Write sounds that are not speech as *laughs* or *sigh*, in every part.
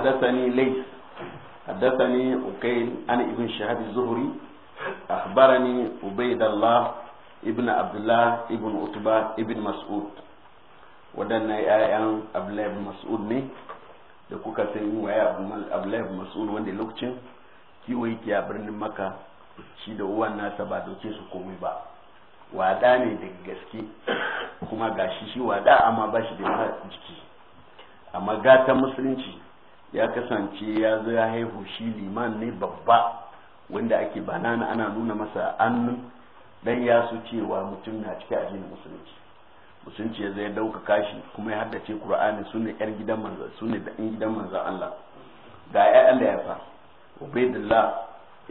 حدثني ليث حدثني أكيل عن ابن شهاب الزهري أخبرني عبيد الله ابن عبد الله ابن عتبة ابن مسعود ودنا يا عبد الله بن مسعود ne da kuka san waye Abdullahi bin Mas'ud wanda lokacin kiwo a birnin Makka shi da uwa nasa ba doke su komai ba wada ne da gaske kuma gashi shi wada amma bashi shi da jiki amma gata musulunci ya kasance ya zo ya haihu shi liman ne babba wanda ake banana ana nuna masa annun dan ya su cewa mutum na cikin addinin musulunci musulunci ya zai dauka kashi kuma ya haddace qur'ani sunne yar gidan manzo sunne da in gidan manzo Allah ga ya Allah ya fa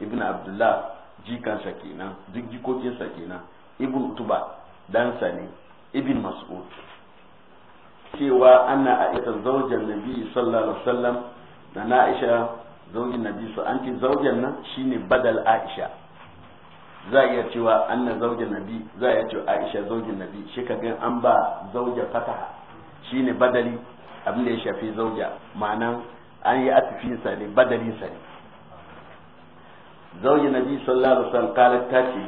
ibnu abdullah jikansa kenan duk jikokinsa kenan ibn utuba Dan ne ibn mas'ud cewa ana ita zaujan nabi sallallahu alaihi wasallam da na aisha zaujin nabi su an ce zaujan nan shine badal aisha za iya cewa anna zaujin nabi za iya cewa aisha zaujin nabi shi ka gan an ba zauja fataha shine badali abin da ya shafi zauja ma'anan an yi atufin sa ne badalin sa ne zaujin nabi sallallahu alaihi wasallam kalat ta ce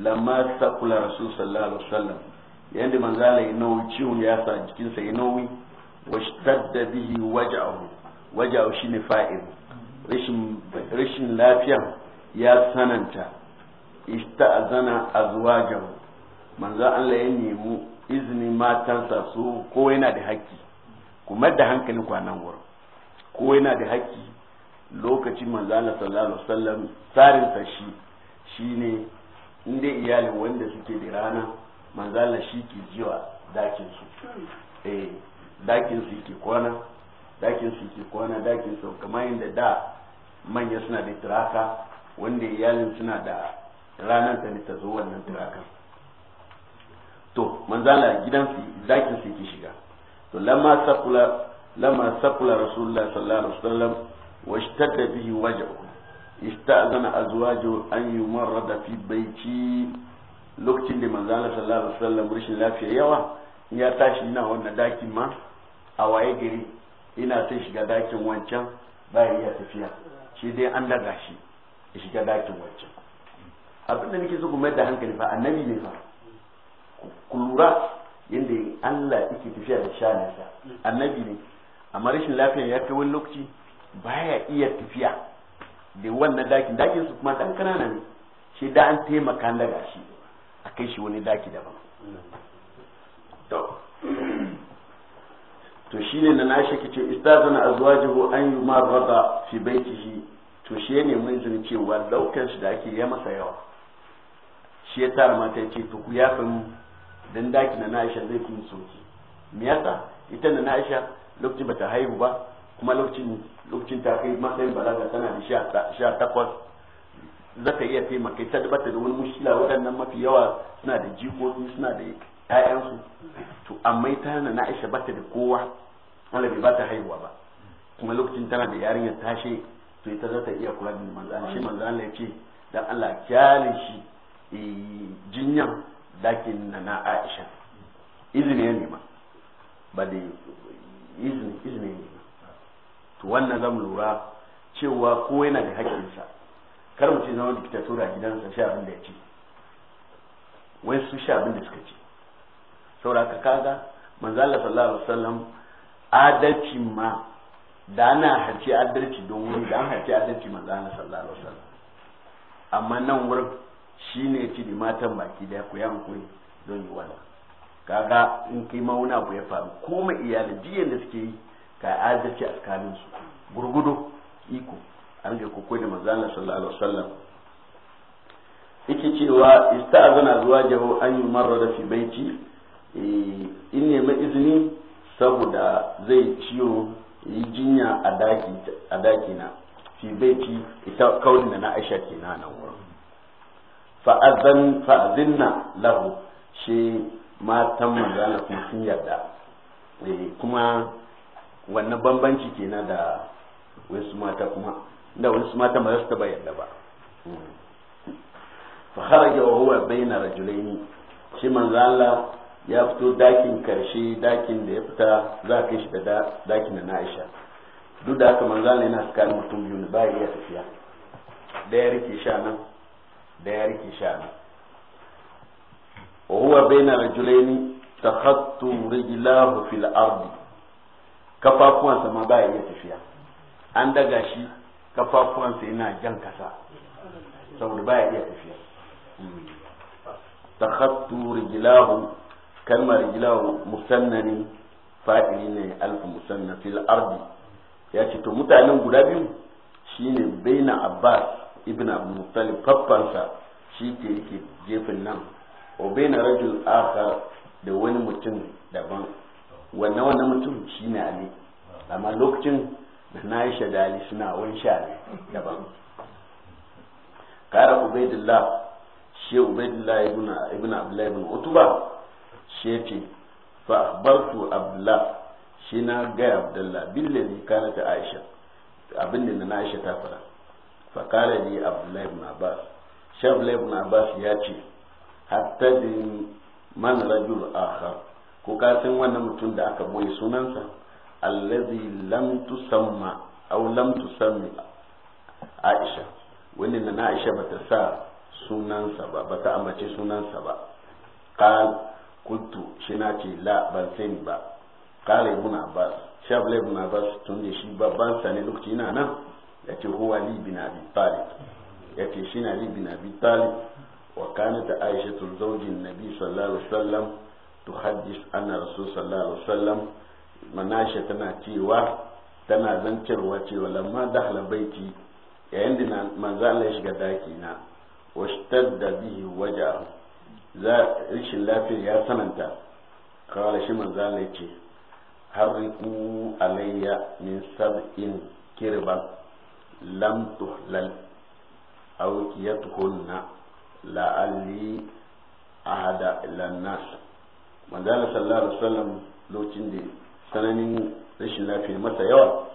lamma taqula rasul sallallahu alaihi wasallam yadda manzala ya nauyi ciwon ya sa jikinsa ya nauyi wa shadda bihi waja'u waja'u shine fa'il rashin rashin lafiya ya sananta ista'zana azwajahu manzo Allah ya nemi izinin matansa su ko yana da haƙƙi kuma da hankali kwanan wurin ko yana da haƙƙi lokacin manzo Allah sallallahu alaihi wasallam tsarin sa shi shine inda iyalin wanda suke da rana manzala shi ke jiwa dakinsu eh dakinsu ke kwana dakinsu ke kwana dakinsu kamar yadda da manya suna da tiraka wanda iyalin suna da ranar ta ne ta zo wannan tirakan to manzala gidansu dakinsu ke shiga to lamma sakula lamma sakula rasulullah sallallahu alaihi wasallam washtadda bihi wajhu ista'zana azwajuhu an yumarrada fi baiti lokacin da manzana sallallahu alaihi wasallam rashin lafiya yawa ya tashi ina wannan dakin ma a waye gari ina ta shiga dakin wancan baya iya tafiya shi dai an daga shi ya shiga dakin wancan abin da nake so ku mai da hankali fa annabi ne fa ku lura yadda Allah yake tafiya da shanarsa annabi ne amma rashin lafiya ya kai wani lokaci baya iya tafiya da wannan dakin dakin su kuma dan kanana ne shi da an taimaka daga shi kai shi wani daki daban to shi ne na nashi ke ce istazana azwajuhu an yumarrada fi baitihi to shi ne mun zin cewa daukar shi da ake ya masa yawa shi ya tara mata ce to ku yafa mu dan daki na nashi zai kun soki me yasa ita na Aisha lokacin bata haihu ba kuma lokacin lokacin ta kai matsayin balaga tana da takwas? zata iya taimaka ta ba da wani mushkila waɗannan mafi yawa suna da jikoki suna da ƴaƴansu to amma ita na Aisha bata da kowa Allah bai ba haihuwa ba kuma lokacin tana da yarinyar tashi to ita za ta iya kula da manzo Allah shi manzo Allah ya ce dan Allah kyale shi eh, jinyan dakin na na Aisha izini ya nema ba da izini izini ya to wannan zamu lura cewa ko yana da sa kar mu ce zama diktatura gidansa sha abin da ya ce wai su sha abin da suka ce saboda ka kaga manzo Allah sallallahu alaihi wasallam adalci ma da ana harci adalci don wani da an harce adalci manzo Allah sallallahu alaihi wasallam amma nan wurin shine ci da matan baki da ku yan koyi don yi wala kaga in kai ma wani abu ya faru ko iyalin jiyan da suke yi ka adalci a tsakanin su gurgudo iko an ga kuku da manzo sallallahu alaihi wasallam yake cewa ista'zana jaho an da fi baiti eh, in nemi izini saboda zai ciwo yi jinya a daki a daki na fi baiti ita kaulin da na Aisha kenan nan wurin fa azan fa azinna lahu shi matan manzo kuma sun yarda eh, kuma wannan bambanci kenan da wasu mata kuma da wani su mata mai za su taba yadda ba fa kharaja wa huwa bayna rajulaini shi manzo Allah ya fito dakin karshe dakin da ya fita za ka shi da dakin na Aisha duk da haka manzo Allah yana tsakanin mutum biyu ne ba ya tafiya da ya rike sha nan da ya rike sha nan وهو بين رجلين ardi رجلاه في ba كفاكوا iya tafiya an daga shi. kafafuwansa yana jan kasa saboda baya iya tafiya takhattu rijlahu kalmar rijlahu musannani fa'ili ne alf musanna fil ardi ya ce to mutanen guda biyu shine baina abbas ibn abu muttalib faffansa shi ke yake jefin nan o baina rajul akhar da wani mutum daban wannan wannan mutum shine ali amma lokacin na yi shadali suna wani sha ne daban kara ubaidillah shi ubaidillah ibn abdullah ibn utuba shi ce fa akhbartu abdullah shi na ga abdullah billahi kana ta aisha abin da na aisha ta fara fa kala li abdullah ibn abbas shi abdullah ibn abbas ya ce hatta din man rajul akhar ko ka san wannan mutum da aka boye sunansa allazi lam tusamma aw lam tusammi aisha wani na aisha bata sa sunansa ba bata ambace sunansa ba qal kuntu shi na ce la ban sani ba qala ibn abbas shabla ibn abbas tun da shi babban sa ne lokaci ina nan yace huwa li bin abi talib ce shi na li bin abi talib wa kanat aisha tun zaujin nabi sallallahu alaihi wasallam tuhaddis anna rasul sallallahu alaihi wasallam manasha tana cewa tana zancarwa cewa lamma dakhala baiti yayin da manzo Allah ya shiga daki na washtadda bihi waja za rishin lafiya ya sananta kawai shi manzo Allah ya ce harriku alayya min sab'in kirba lam tuhlal aw la la'alli ahada ila nas manzo Allah sallallahu alaihi wasallam lokacin da tsananin rashin lafiya masa yawa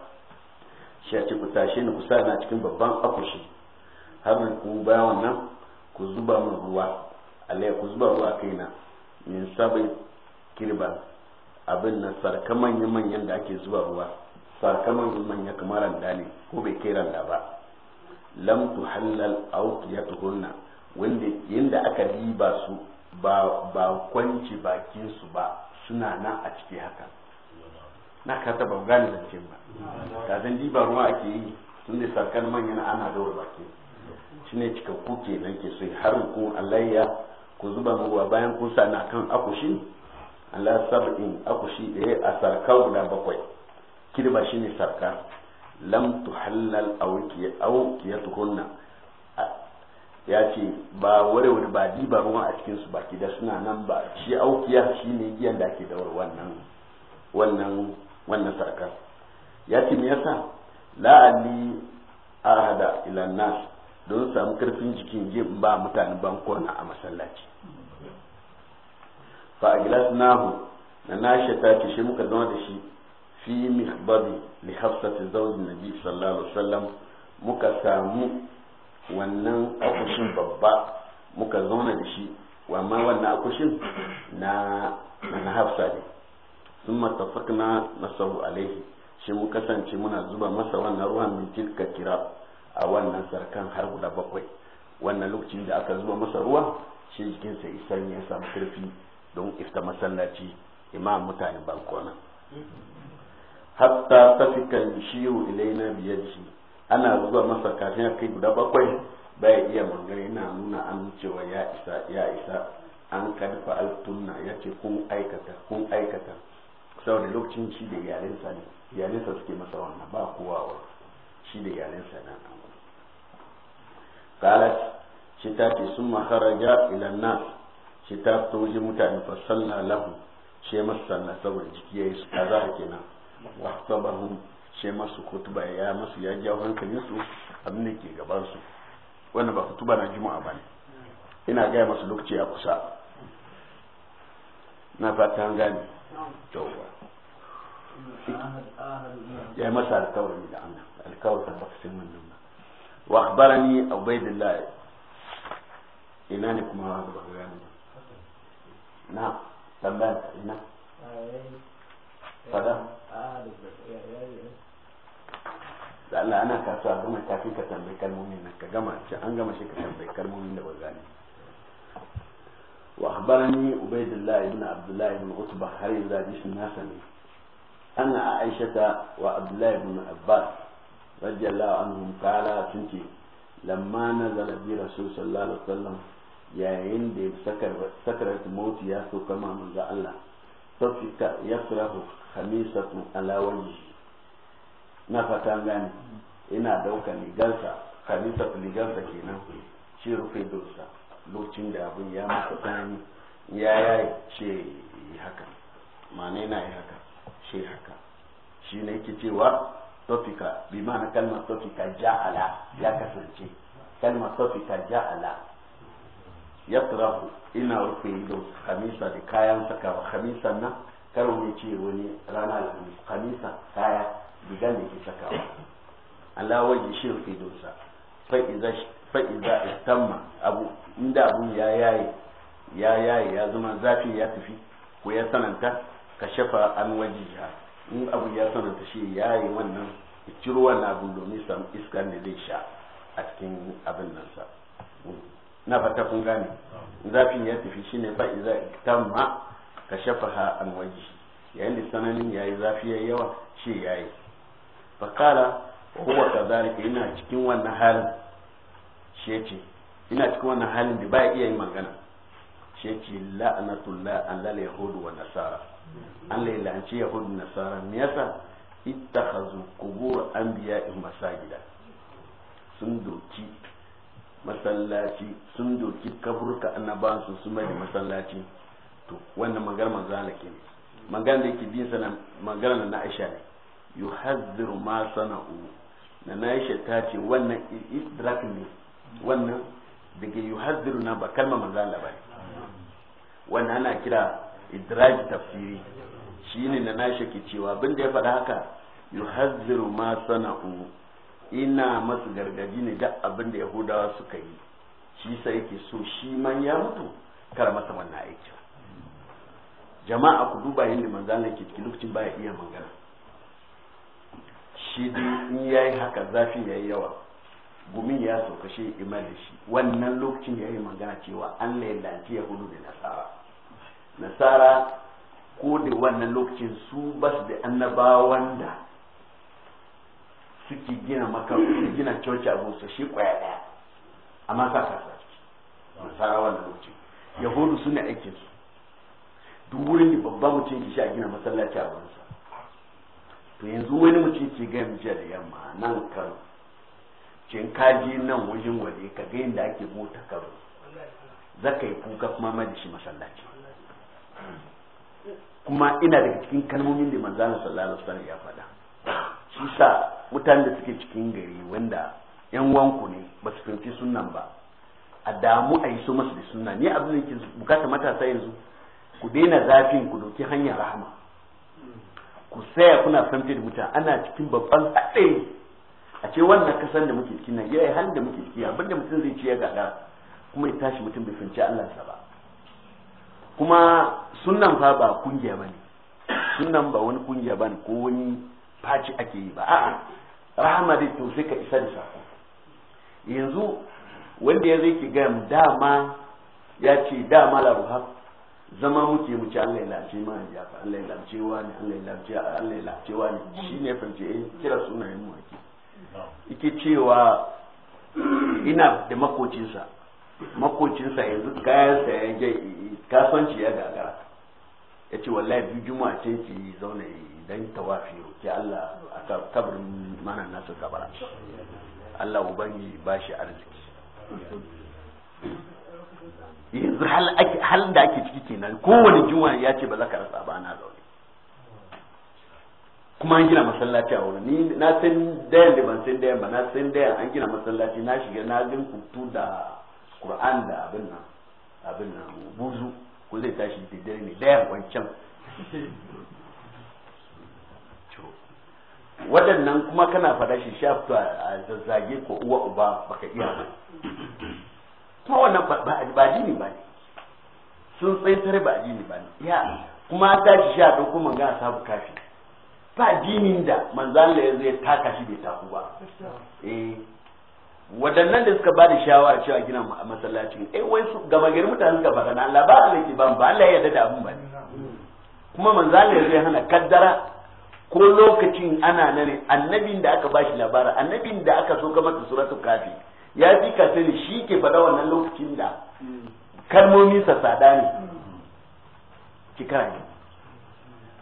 shi a ce ku tashe ni ku sa na cikin babban akushi har ku baya wannan ku zuba min ruwa alai ku zuba ruwa na min sabai kirba abin nan sarka manya manyan da ake zuba ruwa sarka manya manya kamar randa ne ko bai kai randa ba lam aw yatuhunna wanda yanda aka diba su ba ba kwanci bakin su ba suna nan a ciki haka na kasa ba gane zance ba kazan diba ruwa ake yi tun da sarkar manyan ana daura baki shi ne cikakku ke nan ke so har ku alayya ku zuba ruwa bayan sa na kan akushi Allah sab'in akushi ɗaya a sarka guda bakwai kirba shi ne sarka lam tu halal tuhallal aw kiyatuhunna ya ce ba ware wani ba diba ruwa a cikin su baki da suna nan ba shi aukiya shi shine giyan da ake daura wannan wannan wannan sarkar ya ce me yasa la'alli ahada ila nas don samu karfin jikin je ba mutane bankona a masallaci fa aglas nahu na nashi ta ce shi muka zama da shi fi mihbabi li hafsati zawjin nabi sallallahu alaihi wasallam muka samu wannan akushin babba muka zauna da shi ma wannan akushin na na hafsa ne sun matafak na nasaru alaihi shi mu kasance muna zuba masa wannan ruwan min tilka kira a wannan sarkan har guda bakwai wannan lokacin da aka zuba masa ruwa shi jikinsa isar ne ya samu karfi don ifta masallaci imam mutane bankona hatta ta tafikan shiru ilaina biyarci ana zuba masa kafin kai guda bakwai bai iya magana yana nuna an cewa ya isa ya isa an kadfa altunna yace kun aikata kun aikata saboda lokacin shi da iyalinsa ne iyalinsa suke masa wannan ba kowa wa shi da iyalinsa na kalat shi ta ce sun maharaja ilan na shi ta fito wajen mutane fa sallah lahu shi masu sallah saboda jiki ya yi su kaza a kenan wa sabahum shi masu kutuba ya masu ya jawo hankalin su abin da ke gaban su wannan ba kutuba na juma'a ba ne, ina gaya masu lokaci a kusa na fata an gane yawwa يا يعني مسألة الكورة اللي عندنا الكورة تفصيل منه وأخبرني عبيد الله ايمانك إيمانكم هذا يعني. نعم تنبان هنا فده لا أنا كأسوا أدوما كافي كتن كالمؤمن إنك جمع أن جمع كتن كتنبي كالمؤمن لبغاني وأخبرني عبيد الله بن عبد الله بن عتبة هل يزاد اسم ناسني أنا عائشة وعبد الله بن عباس رضي الله عنهم قال تنتي لما نزل بي رسول صلى الله عليه وسلم يا عند سكر سكرة موت يا كما من الله صفك يفرح خميسة على وجهه نفتا غني إنا دوكا ligansa خميسة ligansa kenan shi rufe دوسة lokacin da abin ya masa tsanani ya ya ce haka ma'ana shi haka shi ne yake cewa tofika bi ma'ana kalmar tofika ja'ala ya kasance kalmar tofika ja'ala ya turahu ina rufe ido kamisa da kayan sakawa kamisa na karo ne ce wani rana alhamis kamisa kaya digan da ke sakawa Allah waje shi rufe sa dosa fa'iza istamma abu inda abun ya yaye ya yaye ya zama zafi ya tafi ko ya sananta ka shafa an wajiya in abu ya sananta shi ya yi wannan ciro wannan abu domin sam iskan da zai sha a cikin abin nan sa na fata kun gane zafin ya tafi shi ne fa iza tamma ka shafa ha an waji yayin da sananin yayi zafi yayi yawa shi yayi fa qala huwa kadhalika ina cikin wannan halin shi yace ina cikin wannan halin da ba iya yin magana shi ce la'anatullah an lal yahudu wa nasara an lai la'anci yahudu nasara me yasa ittakhazu qubur anbiya'in masajida sun doki masallaci sun doki kaburka annabawan su su mai masallaci to wannan magana manzo Allah ke magana da yake bin sana magana na Aisha ne yuhadhdhiru ma sana'u na Aisha ta ce wannan idrakin ne wannan daga yuhadhdhiru na ba kalmar manzo ba ne wannan ana kira idraj tafsiri shine na na ke cewa abin da ya faɗa haka yuhazziru ma sana'u ina masu gargadi ne da abin da yahudawa suka yi shi sai yake so shi man ya mutu kar masa wannan aiki jama'a ku duba yadda manzana ke cikin lokacin baya iya magana shi dai in yayi haka zafin yayi yawa gumin ya sauka shi imar da shi wannan lokacin ya yi magana cewa an ya hudu da nasara nasara ko da wannan lokacin su ba su da annabawan da suke gina makarantu gina coci abu su shi kwaya daya amma sa kasa ciki. nasara wannan lokacin yahudu ne aikin su duk wurin da babban mutum ke sha gina masallaci a wurinsa to yanzu wani mutum ke gaya mijiya da yamma nan kano cin kaji nan wajen waje ka ga yadda ake mota karo za ka yi kuka kuma mai da shi masallaci kuma ina daga cikin kalmomin da manzan sallallahu alaihi wasallam ya faɗa shi sa mutanen da suke cikin gari wanda yan wanku ne ba su fahimci sunan ba a damu a yi so masu da suna ni abin da ke bukata matasa yanzu ku daina zafin ku doki hanyar rahama ku saya kuna fahimtar da mutane ana cikin babban haɗari a ce wannan kasan da muke ciki nan yayi halin da muke ciki abinda mutum zai ci ya gada kuma ya tashi mutum bai finci Allah sa ba kuma sunnan fa ba kungiya bane sunnan ba wani kungiya bane ko wani faci ake yi ba a'a rahama dai to sai ka isa da sako yanzu wanda ya zai ki ga dama ya ce dama la ruha zama muke mu ci Allah ya lace ma ya Allah ya lace wa ne Allah ya lace Allah ya lace wa ne shine fance eh kira sunayen mu ake yake cewa ina da makocinsa makocinsa yanzu kayansa ya je kasuwanci ya gagara ya ce wallahi biyu juma'a ce ki zauna dan tawafi ki Allah a kabarin mana nasu kabara Allah ubangi ba shi arziki yanzu hal da ake ciki kenan kowane juma'a ya ce ba za ka rasa ba na kuma an gina masallaci a wurin ni na san dayan da ban san dayan ba na san dayan an gina masallaci na shiga na jin kutu da qur'an da abin nan abin nan buzu ko zai tashi da dare ne dayan wancan waɗannan kuma kana faɗa shi sha fito a zazzage ko uwa uba baka iya ba kuma wannan ba jini ba ne sun tsaye tare ba jini ba ne ya kuma ta shi sha ɗauko mangana sabu kafi ba dinin da manzan ya zai taka shi bai taku ba eh waɗannan da suka bada shawara cewa gina masallacin eh wai su gama gari mutane suka faɗa na Allah ba Allah ke ban ba Allah ya dada da abun ba kuma manzan ya zai hana kaddara ko lokacin ana nan annabin da aka bashi labara annabin da aka so masa suratul kafi ya fi ka sani shi ke faɗa wannan lokacin da mm. kalmomin sa sada ne ki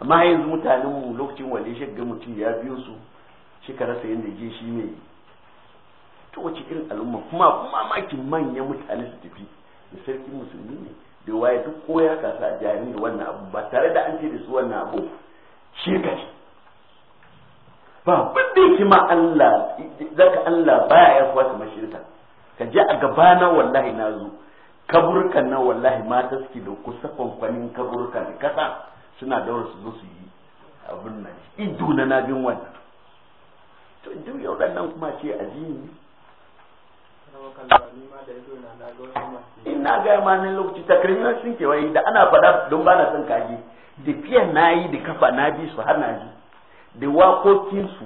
amma yanzu mutanen mu lokacin wani shi mutum ya biyo su shekara ka da yadda je shi ne to wace irin al'umma kuma kuma makin manyan mutane su tafi da sarkin musulmi ne da waye duk koya kasa a jari da wannan abu ba tare da an ce da su wannan abu shirka ba wanda ki ma Allah zaka Allah baya ya kuwa ta mashirka ka je a gabana wallahi na zo kaburkan na wallahi mata suke da kusa kwankwanin kaburkan kasa suna daura su zo su yi abin nan ido na nabin wannan to duk yau nan kuma ce a addini ina ga ma ne lokaci ta takrimi sun ke wai da ana faɗa don ba na son kaji da fiyan na yi da kafa na bi su har na ji da wakokinsu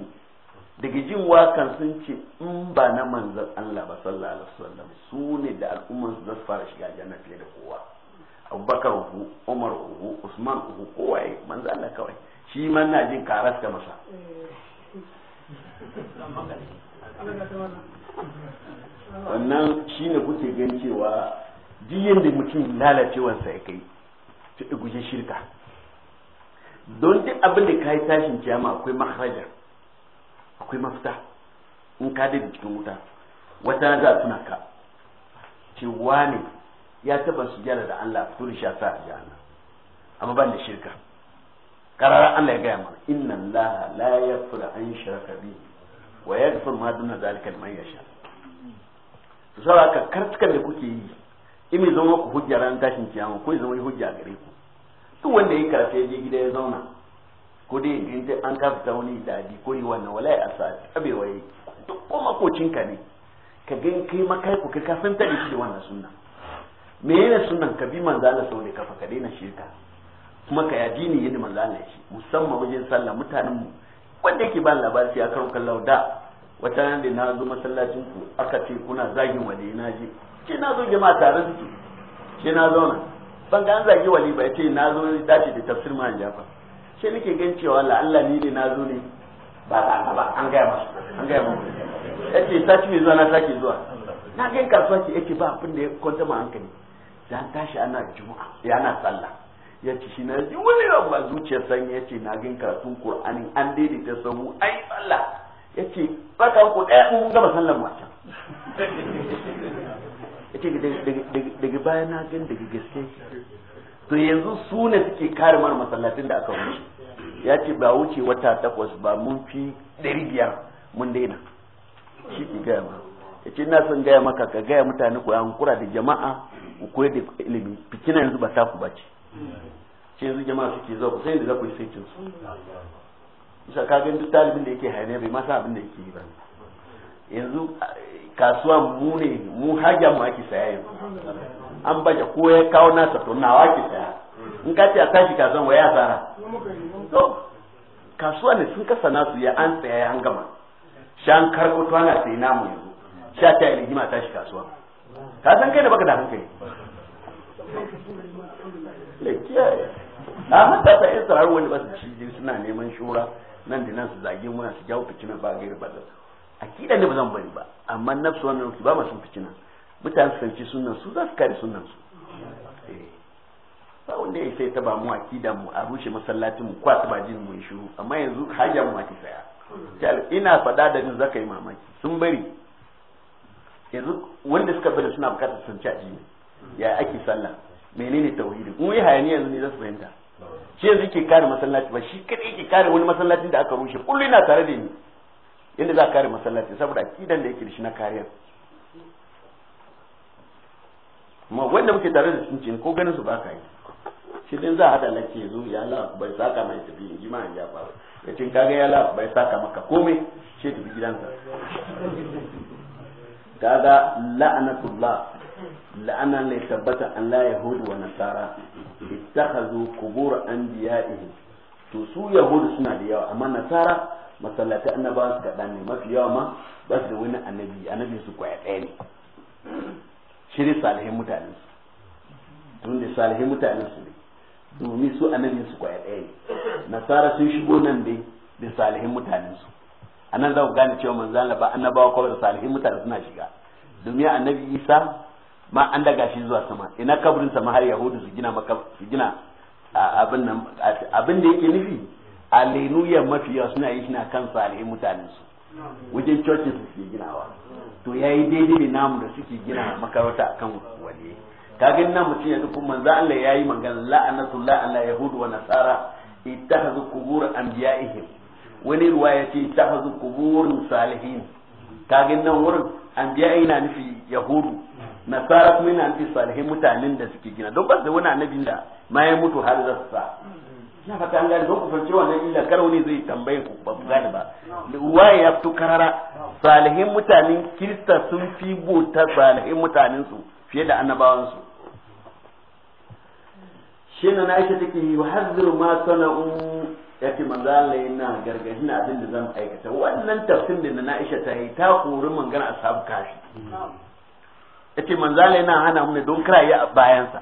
daga jin wakan sun ce in ba na manzan Allah ba sallallahu alaihi wasallam su ne da al'umman su za su fara shiga janna fiye da kowa abubakar uku umar uku usman uku kowa ya manzo Allah kawai shi man na jin karas ka masa wannan shi ne kuke gan cewa duk yadda mutum lalacewarsa ya kai ta guje shirka don duk abin da ka yi tashin kiyama akwai maharaja akwai mafita in ka da cikin wuta wata za tuna ka cewa ne ya taba su jana da Allah su da shi sa a jana amma ban da shirka kararar Allah ya gaya mana inna Allah la yaghfiru an shirka bi wa yaghfiru ma duna zalika liman yasha to sai ka kartukan da kuke yi in mai zama ku hujja ran tashin kiyama ko zama hujja gare ku duk wanda ya karfe je gida ya zauna ko dai in dai an ka ta wani dadi ko yi wannan wallahi a sa tabe waye duk ko ka ne ka gan kai makai ku kai ka san ta da shi da wannan sunna me yana sunan ka bi manzo Allah sau da kafa ka daina shirka kuma ka yadini yadda manzo Allah shi musamman wajen sallah mutanen mu wanda yake ba labari sai aka rukan lauda wata nan da na zo masallacin ku aka ce kuna zagin wali na je ke na zo jama'a tare su ke na zo nan ban ga an zagi wali ba ce na zo dace da tafsir ma jafa sai nake gan cewa la Allah ni ne na zo ne ba da ba an gaya masu an gaya mu yace sati mai zuwa na sake zuwa na gan kasuwa ce yake ba abin da ya kwanta ma hankali ya tashi ana juma'a ana sallah ya ci shi na ji wani rabu a zuciyar san ya ce na gin karatun qur'ani an daidaita sahu ai sallah ya ce baka ku ɗaya mun gama sallar mu can *laughs* ya ce daga baya na gan daga gaske to yanzu su ne suke kare mara masallatin da aka wuce ya ce ba wuce wata takwas ba mun fi ɗari biyar mun daina shi ke gaya ma ya ce ina son gaya maka ka gaya mutane ku kura da jama'a ku koyar da ilimi fitina yanzu ba taku ba ce ce yanzu jama'a suke zuwa ku sai da za ku yi saitin su isa ka gani duk talibin da yake hayaniya bai masa abin da yake yi ba yanzu kasuwa mu ne mu hajjan mu ake saya yanzu an baje ko ya kawo nasa to nawa ake saya in ka ce a tashi kasuwan ya asara to kasuwa ne sun kasa nasu ya an tsaya an gama shan karkoto ana sai namu yanzu sha ta rigima tashi kasuwa ka san kai da baka da hankali amma ta sai tsararru wani ba su ci suna neman shura nan da nan su zage muna su jawo fitina ba gairi ba da akida ne ba zan bari ba amma nafsu wannan ba ma sun fitina mutane su sanci sunan su za su kare sunan su eh. ba wanda ya sai ba mu akida mu a rushe masallacin mu kwa taba jin mu shiru amma yanzu haja mu ma ki saya ina faɗa da jin zaka yi mamaki sun bari yanzu wanda suka bada suna bukatar sun ci addini ya ake sallah menene tauhidi kuma yi hayani yanzu ne za su fahimta shi yanzu yake kare masallaci ba shi kadai yake kare wani masallacin da aka rushe kullu yana tare da ni yadda za a kare masallaci saboda akidan da yake da shi na kariyar ma wanda muke tare da sun ko ganin su ba ka yi shi din za a hada lake ya zo ya Allah bai saka mai tafi ma ya faru ya cin kaga ya Allah bai saka maka komai shi tafi gidansa kaga la'anatullah la'anan ne tabbata an la yahudu wa nasara ittakhadhu qubur anbiya'ihim to su yahudu suna da yawa amma nasara masallatai annaba su kaɗan ne mafi yawa ma ba su da wani annabi annabi su kwaya ɗaya ne shiri salihin mutane su tun da salihin mutane su ne domin su annabi su kwaya ɗaya ne nasara sun shigo nan dai da salihin mutane su Anan nan za ku gane cewa manzo Allah ba annabawa kawai da salihin mutane suna shiga domin annabi Isa ma an daga shi zuwa sama ina kabrin sama har yahudu su gina maka su gina abin nan abin da yake nufi haleluya mafi yawa suna yi suna kan salihin mutane su wajen cocin su suke ginawa to yayi daidai da namu da suke gina makarauta akan Ka ga nan mutum ya dukkan manzo Allah yayi magana la'anatu la'ana yahudu wa nasara ittakhadhu qubur anbiya'ihim wani ruwa ya ce ta hazu kuburin salihin kagin nan wurin an biya ina nufi yahudu nasara kuma yana nufi salihin mutanen da suke gina don ba da wani annabin da ma ya mutu har za su sa na fata an gane don ku fahimci wannan illa karo ne zai tambaye ku ba ku gane ba Ruwa ya fito karara salihin mutanen kirista sun fi bota salihin mutanen su fiye da annabawan su shi na na aisha take yi wa hazziru ma sana'u ya ce manzo Allah yana gargaɗi na abin da zan aikata wannan tafsir da na Aisha ta yi ta kori mangana ashabu kashi ya ce manzo Allah yana hana mu don kiraye a bayansa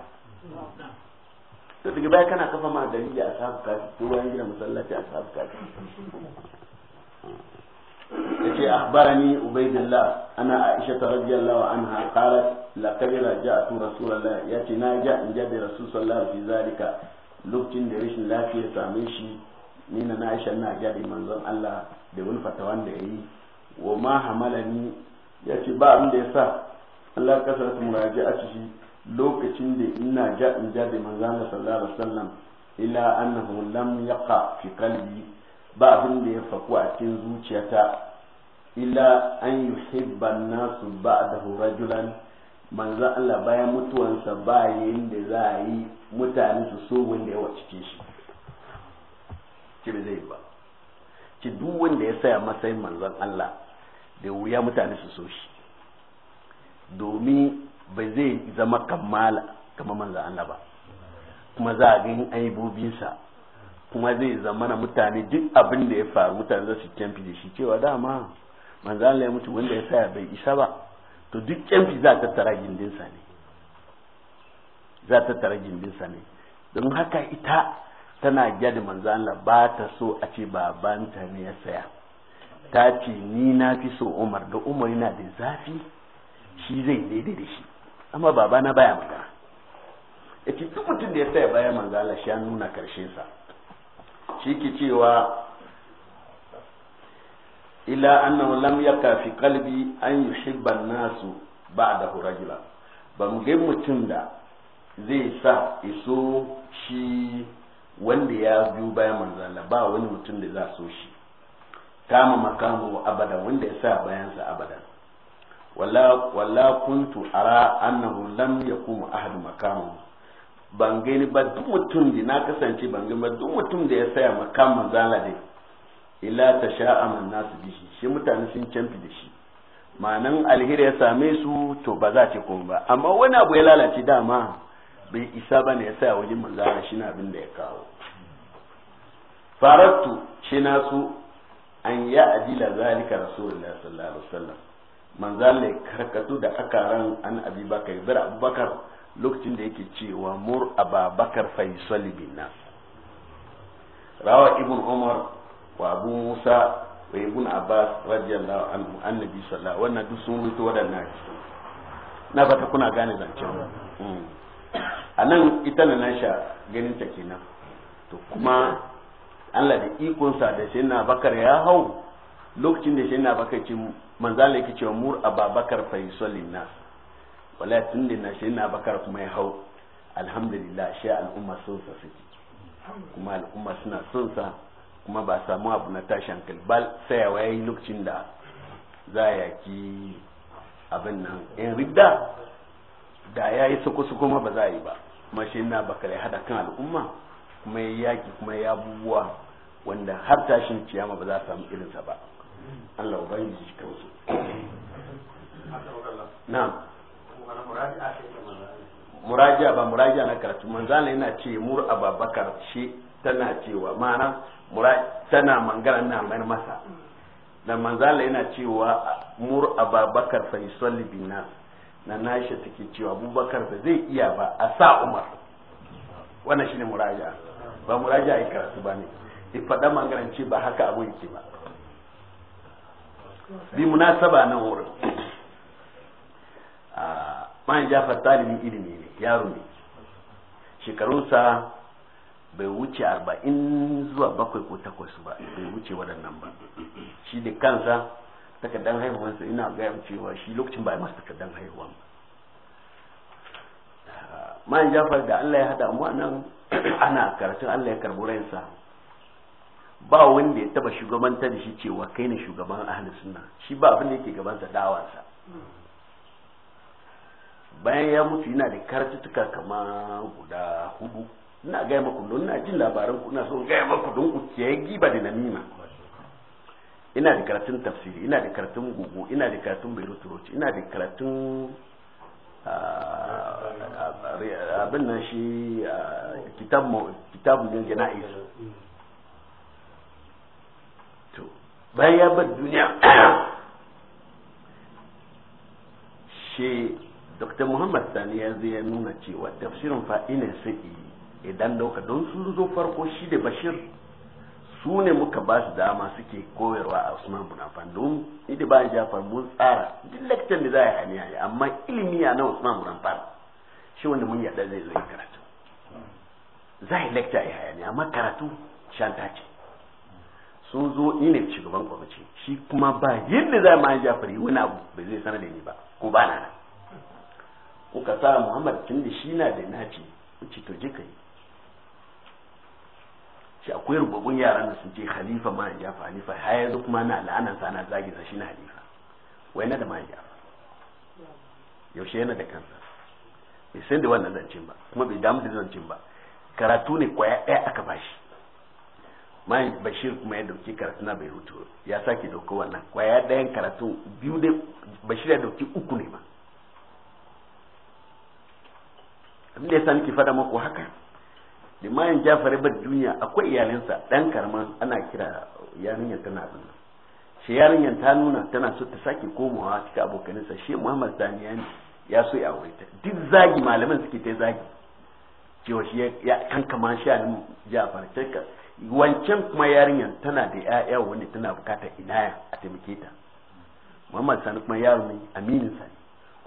to daga baya kana kafa ma dalili a ashabu kashi ko bayan gina masallaci a ashabu kashi yace akhbarani ubaydullah ana aisha ta radiyallahu anha qalat laqad raja'tu rasulullah ce na ja in ja da rasul fi zalika lokacin da rashin lafiya same shi ni na na aisha na gadi manzon Allah da wani fatawan da yayi wa ma ni ya ce ba abin da ya sa Allah kasar su muraji a ciki lokacin da ina ja in ja da manzon Allah sallallahu alaihi wasallam ila annahu lam yaqa fi qalbi ba abin da ya faku a cikin zuciyata ila an yuhibba nasu ba'dahu rajulan manzon Allah bayan mutuwansa ba yayin da za a yi mutane su so wanda ya wace shi ci ba zai ba ci duk wanda ya saya matsayin manzon Allah da wuya mutane su so shi domin bai zai zama kammala kamar manzon Allah ba kuma za a gani aibobinsa kuma zai zama na mutane duk abin da ya faru mutane za su kyamfi da shi cewa dama manzon Allah ya mutu wanda ya saya bai isa ba to duk kyamfi za ta tara gindinsa ne za ta tara gindinsa ne don haka ita tana gyada manzo Allah ba ta so a ce babanta ne ya saya ta ce ni na fi so Umar da Umar yana da zafi shi zai daidai da shi amma babana baya magana yace duk mutum da ya saya baya manzo Allah shi ya nuna karshen sa shi ke cewa ila annahu lam yaka fi qalbi an yuhibba an-nasu ba'da rajula ba mu ga mutum da zai sa iso shi wanda ya biyu bayan manzala ba wani mutum da za so shi kama makamu abada wanda ya sa bayansa abada walla kuntu ara annahu lam yakum ahad makamu ban gani ba duk mutum da na kasance ban gani ba duk mutum da ya saya makam manzala dai illa ta sha'a man nasu bi shi mutane sun canfi da shi ma'anan alheri ya same su to ba za ce kuma ba amma wani abu ya lalace dama bai isa ba ne ya sa wajen manzana shi na abin da ya kawo faratu shi na su an ya ajila zalika rasulullah sallallahu alaihi wasallam manzan ne karkatu da akaran an abi bakar bir abubakar lokacin da yake cewa mur ababakar fa yusalli bin nas rawa ibn umar wa abu musa wa ibn abbas radiyallahu anhu annabi sallallahu wannan duk sun rutu wadannan na fata kuna gane zancen a nan ita na nan sha ganin ta kenan to kuma Allah da ikonsa da shi na bakar ya hau lokacin da shi na bakar ce manzala yake cewa mur ababakar fa yusalli nas wala tun da na shi na bakar kuma ya hau alhamdulillah shi al'umma sun sa suke kuma al'umma suna sun sa kuma ba samu abu na tashin kal bal sayawa yayi lokacin da za a yaki abin nan in ridda da ya yi suku-suku kuma ba za a yi ba mashi na bakare hada kan al'umma kuma ya yaki kuma ya abubuwa wanda har tashin ciyama ba za a samu irinsa ba Allah ubangiji shi kansu na muraja ba muraja na karatu manzana yana ce mur ababakar shi tana cewa mana tana mangara na mai masa da manzala yana cewa mur ababakar fa yusalli bin nas na nasha take cewa abubakar ba zai iya ba a sa umar wannan shine muraja ba muraja ya karatu ba ne ifada mangaranci ba haka abu yake ba bi munasaba nan wurin ah, man jafar talibin ilimi ne yaro ne shekarunsa bai wuce arba'in zuwa bakwai ko takwas ba bai wuce waɗannan ba shi da kansa takardar haihuwarsa ina gaya cewa shi lokacin ba ya masa takardar haihuwa ba man jafar da allah ya hada mu nan *clears throat* ana karatun allah ya karbi rayansa ba wanda ya taba shugabantar da shi cewa kai ne shugaban ahli sunna shi ba abin da yake gabansa dawansa bayan ya mutu yana da karatuttuka kama guda hudu ina gaya maku don ina jin labaran ku ina son gaya maku don ku kiyaye giba da namima ina da karatun tafsiri ina da karatun gugu ina da karatun beirut roach ina da karatun ah, ah, abin nan shi ah, kitabun yin jana'is bayan ya bar duniya *coughs* shi dr muhammad sani ya zai nuna cewa tafsirin fa ina sai idan dauka don sun zo farko shi da bashir su ne muka ba su dama suke koyarwa a Usman bin Affan don idi ba Jafar mun tsara duk lakcin da za a yi haniya amma ilimi ya na Usman bin Affan shi wanda mun yada zai zo yi karatu za a yi lakta ya hayaniya amma karatu shanta ce sun zo ni ne shugaban kwamiti shi kuma ba yadda za ma Jafar yi wani abu bai zai sanar da ni ba ko ba na kuka sa Muhammad tun da shi na da naci ci to je ka yi shi akwai rubabun yaran da sun ce khalifa ma ya fa halifa har yanzu kuma na la'anan sa na zagi sa shi na halifa wai na da ma ya yaushe yana da kansa bai san da wannan zancin ba kuma bai damu da zancin ba karatu ne kwaya ɗaya aka bashi mayan bashir kuma ya dauki karatu na bai rutu ya sake dauko wannan kwaya ɗayan karatu biyu ne bashir ya dauki uku ne ma abin da ya sa nake fada maku haka limayin jafari bar duniya akwai iyalinsa dan karman ana kira yarinyar tana abin shi yarinyar ta nuna tana so ta sake komawa cikin abokaninsa shi muhammad daniyani ya so ya aure ta duk zagi malaman suke ta zagi cewa shi ya kankama shi a jafar wancan kuma yarinyar tana da ya'ya wanda tana bukatar inaya a taimake ta muhammad sani kuma yaro ne aminin sani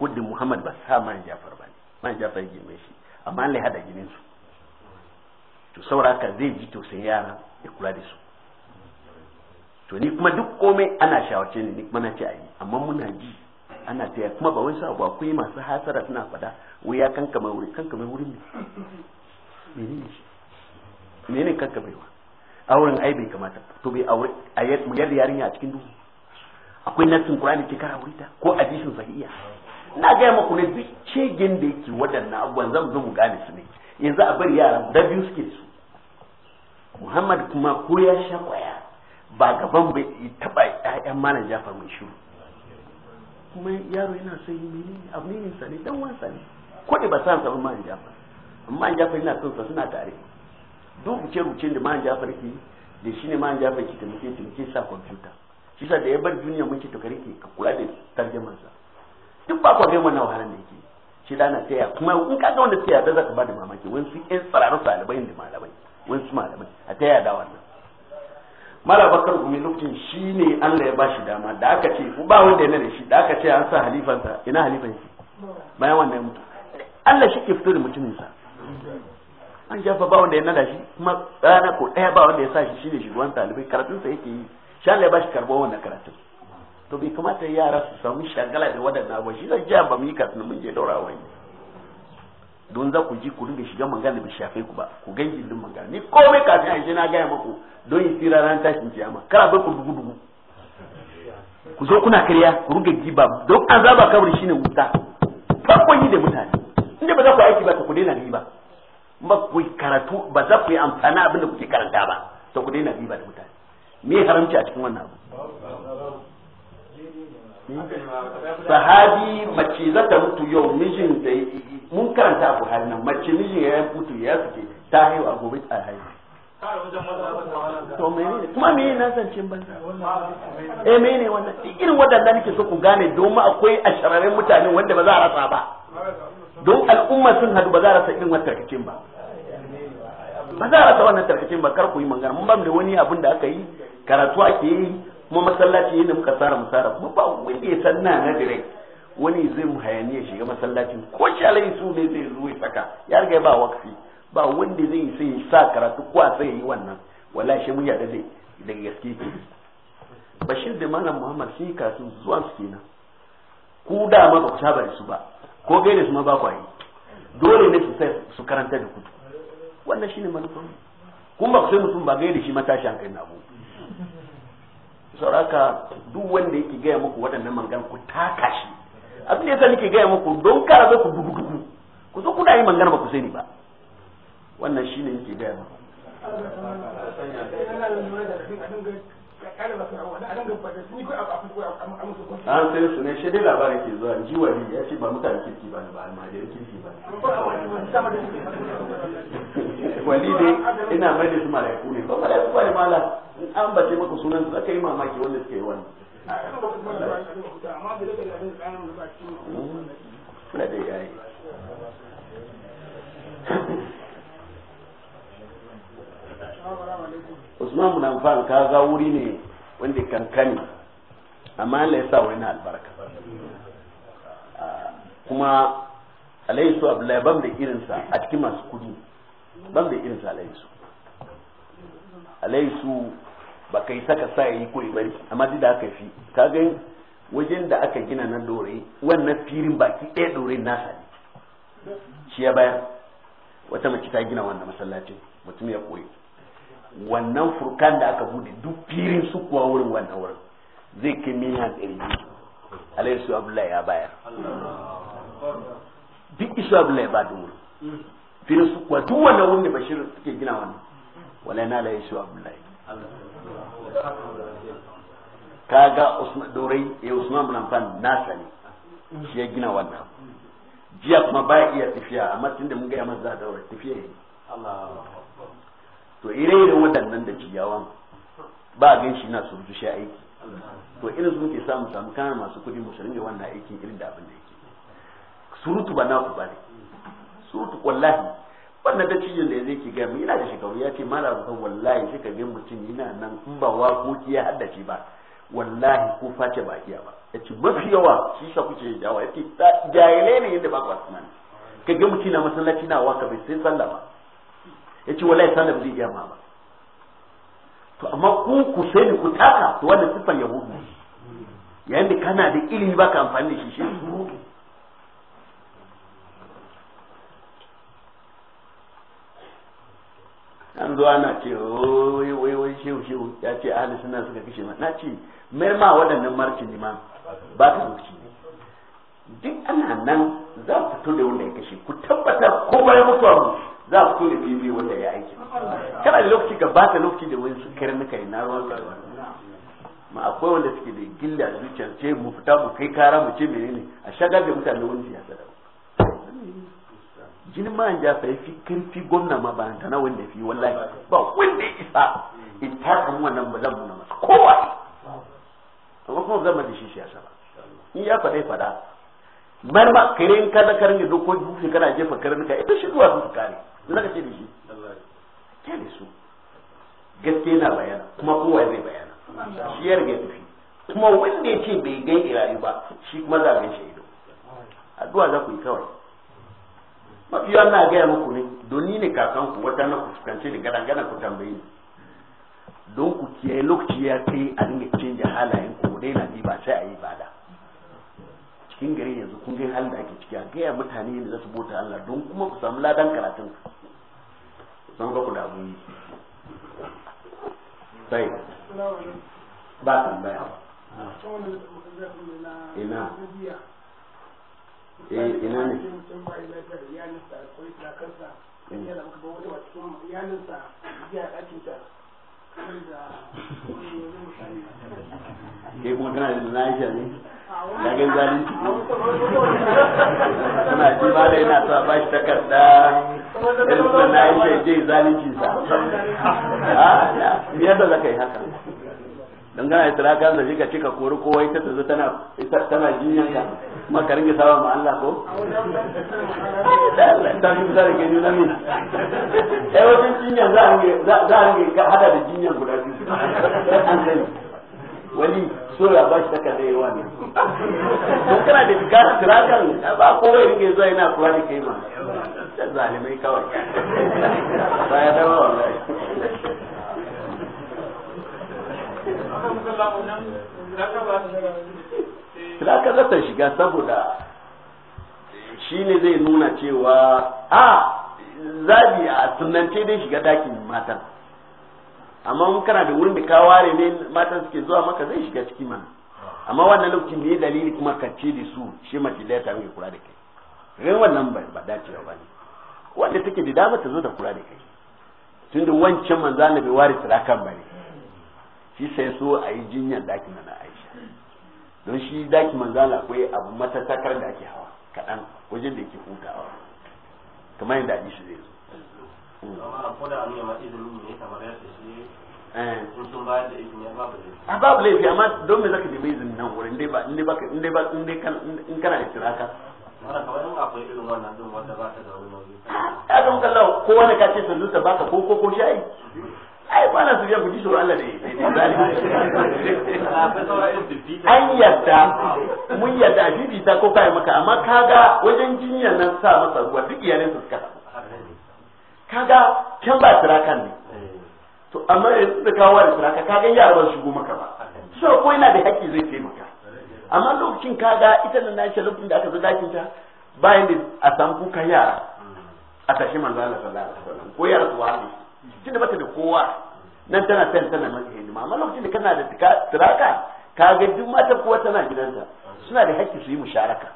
kudin muhammad ba sa man jafar ba ne man jafar ya girme shi amma an lai hada ginin su to saboda haka zai ji tausayin yara ya kula da su to ni kuma duk komai ana shawarce ni kuma na ce a yi amma muna ji ana taya kuma ba wai sa ba akwai masu hasara suna fada wai ya kankame wuri mai wuri ne menene kankamewa auren ai bai kamata to bai aure a yadda yarinya a cikin duhu akwai nassin qur'ani ke kara wurita ko hadisin sahiha na ga maku ne duk cegen da yake waɗannan abubuwan zan zo mu gane su ne yanzu a bari yara da biyu suke su muhammad kuma ko ya sha kwaya ba gaban bai taba ƴaƴan malam jafar mai shiru kuma yaro yana son yi mene abu ne sa ne dan wansa ne ko da ba san sa malam jafar amma malam jafar yana son sa suna tare duk rubuce ruce da malam jafar ke da shine malam jafar ke taimake taimake sa kwamfuta shi sa da ya bar duniya muke ki ke ka kula da tarjumar sa duk ba kwabe mana wahalar da yake shi da na taya kuma in ka ga wanda taya da zaka ba da mamaki wani su ƴan tsararru ɗalibai da malamai su malamai a ta yada wannan mara bakar gumi lokacin shi ne Allah ya bashi dama da aka ce ba wanda ya nare shi da aka ce an sa halifansa ina halifan shi bayan ya mutu Allah shi ke fito da mutumin sa an jafa ba wanda ya nada shi kuma rana ko daya ba wanda ya sa shi shi ne shugaban talibai karatun sa yake yi shi Allah ya bashi karbo wannan karatun to bai kamata yara su samu shagala da wadannan abubuwa shi zan jiya ba mu yi kasu mun je daura wani don za ku ji ku dinga shiga magana da shafe ku ba ku gangi din magana ni komai kafin aishe na gaya maku don yi tsira ran tashin kiyama kara bai ku dugu dugu ku zo kuna karya ku ruga giba don azaba kabari shine wuta farkon yi da mutane inda ba za ku aiki ba ku daina riba ba ku karatu ba za ku yi amfana abinda kuke karanta ba to ku daina riba da mutane me haramci a cikin wannan abu hmm? sahabi mace za ta mutu yau mijin da mun karanta a buhari nan mace miji ya mutu ya suke ta haihu a gobe a haihu to mene ne kuma mene na zancen banza eh mene wannan irin waɗannan nake so ku gane domin akwai ashararren mutane wanda ba za a rasa ba don al'umma sun hadu ba za a rasa irin wannan tarkacin ba ba za a rasa wannan tarkacin ba kar ku yi magana mun bamu da wani abin da aka yi karatu ake yi kuma masallaci yadda muka tsara musara kuma ba wanda ya san na na direct wani zai mu hayaniya shiga masallacin ko shi alai su ne zai zo ya saka ya riga ba wakfi ba wanda zai yi sai sa karatu ko sai yi wannan wala shi mun yada dai daga gaske bashir da malam muhammad shi karatu zuwa su kenan ku da ma ba ku saba da su ba ko gaida su ma ba ku yi dole ne su sai su karanta da ku wannan shine manufar kun ba ku sai mutum ba gaida shi matashi an kai na sauraka duk wanda yake gaya muku waɗannan mangan ku taka shi abin da yasa nake gaya muku don kara zai ku dubu dubu ku zo kuna yi magana ba ku sani ba wannan shi ne yake gaya muku an sai su ne dai labari ke zuwa ji wani ya ce ba mutane kirki ba ne ba almajiyar kirki ba ne wani dai ina mai da su malaiku ne ba malaiku ba ne mala an bace maka sunan su aka yi mamaki wanda suka yi wani. na da yayi Usman Munafan ka za wuri ne wanda kankani amma Allah ya sa wani albarka kuma alaisu abdullahi ban da irinsa a cikin masu kudu ban da irinsa alaisu alaisu ba kai saka sa yi koyi bari amma duk da aka fi ka ga wajen da aka gina na dore wannan firin baki ɗaya dore na ne shi ya baya wata mace ta gina wannan masallacin mutum ya koyi wannan furkan da aka bude duk firin su kuwa wurin wannan wurin zai kai miliyan ɗari alayhi su abdullahi ya bayar duk isu abdullahi ba dubu firin su kuwa duk wannan wurin ne bashir suke gina wannan wala na alayhi su abdullahi kaga dorai ya eh, usman bin amfan nasa ne shi ya gina wannan jiya kuma ba iya tafiya amma tunda mun gaya masa da daura tafiya ne to ire-iren waɗannan da ciyawan ba gan shi na surutu shi aiki to irin su muke samu samu kana masu kuɗi mu ringa wannan aikin irin da abin da yake surutu ba ku ba ne surutu wallahi wannan da cikin da ya zai gami ina da shekaru ya ce mala ba wallahi shi ka bin mutum yana nan in ba waƙoƙi ya haddace ba wallahi ko face ba iya ba ya ce mafi yawa shi sa kuke yawa ya ce jahilai ne yadda ba ku asman ka ga mutum na masallaci na waka bai sai sallah ba ya ce wallahi sallah ba zai iya ma ba to amma ku ku sai ku taka to wannan sifar yahudu yayin da kana da ilimi baka amfani da shi shi an zuwa na ce wai wai wai shehu shehu ya ce ahli sunna suka kashe ma na ce mai ma waɗannan martini ma ba ta zuci duk ana nan za ku fito da wanda ya kashe ku tabbatar ko bayan mutuwa za ku fito da bibi wanda ya aiki kana da lokaci ta lokaci da wani su kare nuka na ruwan karwa ma akwai wanda suke da gilla zuciyar ce mu fita mu kai kara mu ce menene a shagar da mutane wani siyasa da jini man ja ya fi fi gwamna ma ba ta nawa da fi wallahi ba wanda ya isa in ta samu wannan ba zan nuna masa kowa amma kuma zan mata shi shi yasa ba in ya faɗa faɗa mar ma in ka da karin da ko duk kana jefa karin ka ita shi zuwa su kare ina ce da shi ke ne su gaske na bayana kuma kowa zai bayana shi ya rage tafi kuma wanda ya ce bai gai rayu ba shi kuma za a gan shi addu'a za ku yi kawai mafi yawan na gaya muku ne don ni ne kakan ku wata na ku fuskance ni gadan gadan ku tambayi don ku ke lokaci ya kai a dinga canja halayen ku dai na bi ba sai a yi bada cikin gari yanzu kun ga halin da ake ciki a gaya mutane ne za su bota Allah don kuma ku samu ladan karatun don ga ku da abun yi sai ba tambaya ina eh ina ne eh. ke kuma kana da ne ya gan zalin ji ba da yana sa ba shi takarda irin sa naisha je ah, ka yi haka don gana da talaka da ka cika kori kowa ita ta zo tana tana jinyan ka ma ka ringe sawa ma Allah ko ta shi misali ke nuna min eh wajen jinyan za a ringe za a ringe ka hada da jinyan guda biyu an sani wali sura ba shi takarda yawa wani don kana da gara tirakan ba kowa ringe zuwa yana kula da kai ma zalimai kawai ba ya dawo wallahi Laka za ta shiga saboda shi ne zai nuna cewa a zabi a sunance dai shiga dakin matan. Amma mun kana da wurin da ka ware ne matan suke zuwa maka zai shiga ciki mana. Amma wannan lokacin ya dalili kuma ka ce da su shi mace da ya taru kula da kai. Rin wannan ba dacewa ba ne. Wanda take da dama ta zo da kula da kai. Tunda wancan manzo annabi ware sadakan bane. shi sai so a yi jinyar daki na aisha don shi daki manzala akwai abu matattakar da ake hawa kaɗan wajen da yake hutawa kamar yadda a shi zai zo eh. a babu laifi amma don me zaka nemi izinin nan wurin dai ba in ba ba in kana da tiraka ya sanduta baka ko ko ko shayi ai ba na su ku ji tsoron Allah ne an yadda mun yadda a bibita ko kai maka amma kaga wajen jinya nan sa masa ruwa duk iyalin su suka kaga can ba tirakan ne to amma yanzu da kawo da tiraka kaga yara ba shigo maka ba so ko yana da haƙƙi zai taimaka amma lokacin kaga ita nan nashi lokacin da aka zo dakin ta bayan da a samu kuka yara a tashi manzo Allah sallallahu alaihi wasallam ko yara su wahabi tunda bata da kowa nan tana san tana masa hidima amma lokacin da kana da tiraka ka ga duk mata kowa tana gidanta suna da hakki su yi musharaka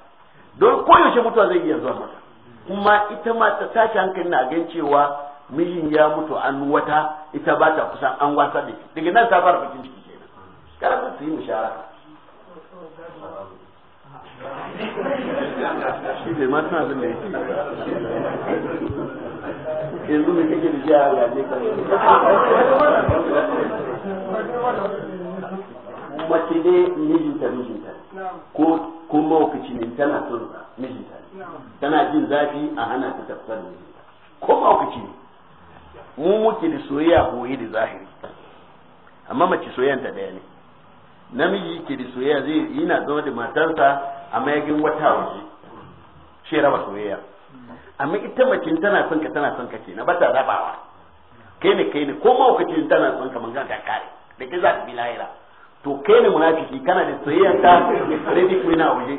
don koyaushe mutuwa zai iya zuwa mata kuma ita ma ta tashi hankali na gan cewa mijin ya mutu an wata ita ba ta kusan an wasa da shi daga nan ta fara bakin ciki kenan kar su yi musharaka shi ma tana abin da yanzu mai kake da shi a yaje ka mace ne mijinta mijinta ko ko mawakaci ne tana son mijinta tana jin zafi a hana ta tafsar mijinta ko mawakaci ne mu muke da soyayya koyi da zahiri amma mace soyayyanta daya ne namiji ke da soyayya zai yana zama da matarsa a mayagin wata waje shi raba soyayya amma ita mace tana son ka tana son ka ce na bata zabawa kai ne kai ne ko ma kace tana son ka manga ka kare da ke za ka bi lahira to kai ne munafiki kana da soyayya ta ready ku na waje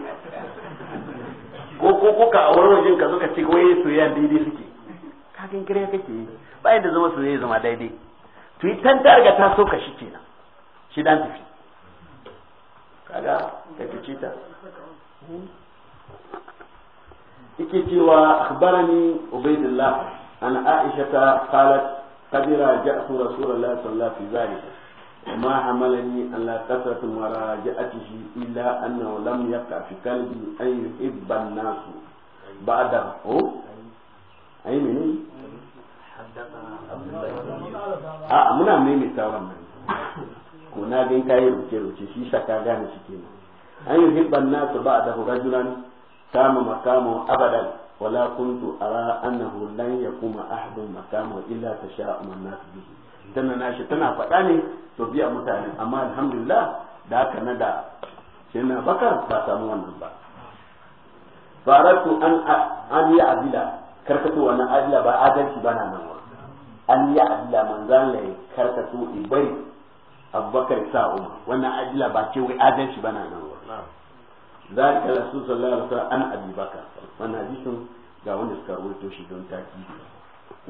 ko ko ko ka aure wajen ka zo ka ce ko yayi soyayya daidai suke ka kin kire kake bayan da zama soyayya zama daidai to ita ta riga ta so ka shi kenan shi dan tafi kaga ka fice ta hmm? yake cewa akhbarani ubaidillah an aisha ta qalat qadira ja'tu rasulullahi sallallahu alaihi wasallam حملني على كثرة مراجعته إلا أنه لم يقع في قلبي أن يحب الناس أي من a muna maimaita wannan an ba da kama makamu abadan wala kuntu ara annahu lan yakuma ahadun makamu illa tasha amanna bihi tana nashi tana faɗa ne to biya mutane amma alhamdulillah da haka na da na ba samu wannan ba faratu an ya abila karkatowa na adila ba adalci ba na nan an ya adila manzan lai karkato ibari abubakar sa umar wannan ba nan zari kala sun sallar su an ajiyaka mana aji sun da wanda suka wuce shidon ta ki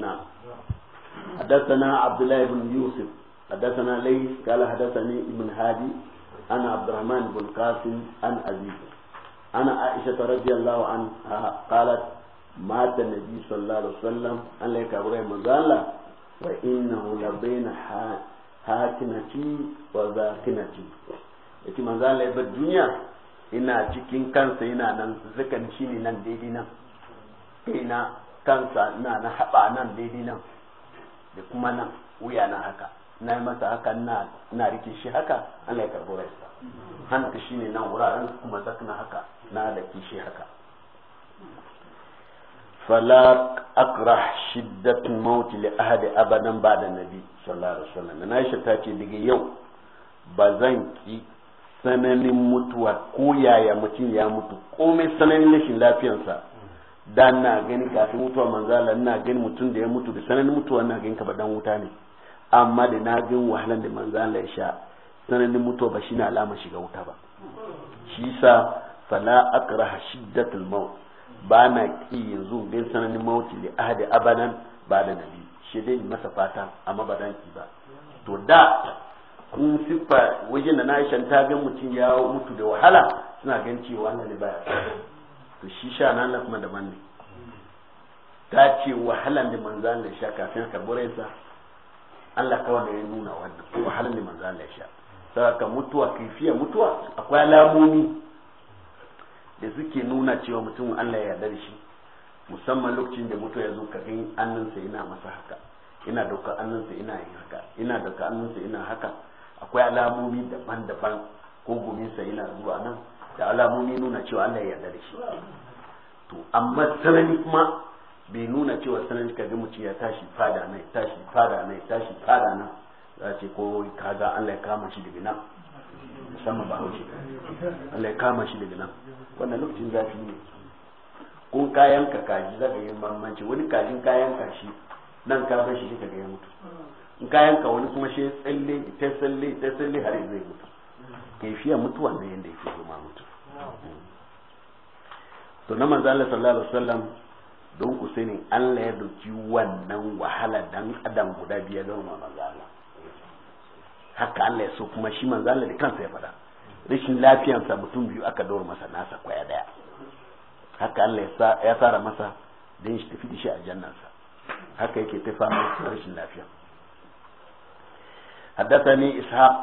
na a abdullahi bin yusuf a dasa kala a ibn hajji an abdulrahman bin kasim an ajiyuka an aisha ta rabbi da lau an kala mata na biyu sun lalace sallam an laifi ka biro maza na hakin wa za kin na ki, ita duniya. ina cikin kansa yana nan zukan shi ne nan daidai nan kaina kansa na na haɓa nan daidai nan da kuma nan wuya na haka na yi masa haka na rike shi haka an ya karbo rasa hanka shi ne nan wuraren kuma zakna haka na laki shi haka fala akra shiddat maut li ahadi abadan ba da nabi sallallahu alaihi wasallam na Aisha ta ce daga yau ba zan ki sananin mutuwa ko yaya mutum ya mutu komai sananin rashin lafiyansa da na gani kafin mutuwa manzala na gani mutum da ya mutu da sananin mutuwa na gani ka dan wuta ne amma da na gani wahalan da manzala ya sha sananin mutuwa ba shi na alama shiga wuta ba shi sa fala akraha shiddatul maut ba na ki yanzu bin sananin mauti li ahadi abadan ba da nabi shi dai masa fata amma ba ba to da kun siffa wajen da na aisha ta ga mutum ya mutu da wahala suna gan cewa Allah ne baya to shi sha nan kuma daban ne ta ce wahalan da manzo Allah sha kafin karburai sa Allah kawai da ya nuna wannan wahalan da manzo Allah ya sha saboda mutuwa kifiya mutuwa akwai alamomi da suke nuna cewa mutum Allah ya yarda shi musamman lokacin da mutuwa ya zo kafin annansa yana masa haka ina dauka annansa ina yin haka ina dauka annansa ina haka akwai alamomi daban-daban ko sai yana zuwa nan da alamomi nuna cewa Allah ya yarda da shi to amma sanani kuma bai nuna cewa sanani ga mu ya tashi fada nan tashi fada nan tashi fada nan za ce ko kaza Allah ya kama shi daga nan musamman ba haushi Allah ya kama shi daga nan wannan lokacin zafi ne ko kayan ka kaji ka yi mamanci wani kajin kayan kashi nan ka bar shi kaga ya mutu in ka wani kuma shi tsalle ta tsalle ta tsalle har zai mutu kaifiyar mutuwa ne yanda yake zama mutu to na manzo Allah sallallahu alaihi wasallam don ku sani Allah ya dauki wannan wahala dan adam guda biya don manzo Allah haka Allah ya so kuma shi manzo Allah da kansa ya fara rashin sa mutum biyu aka dora masa nasa kwaya daya haka Allah ya tsara masa dan shi tafi da shi a sa haka yake ta fama rashin lafiya حدثني إسحاق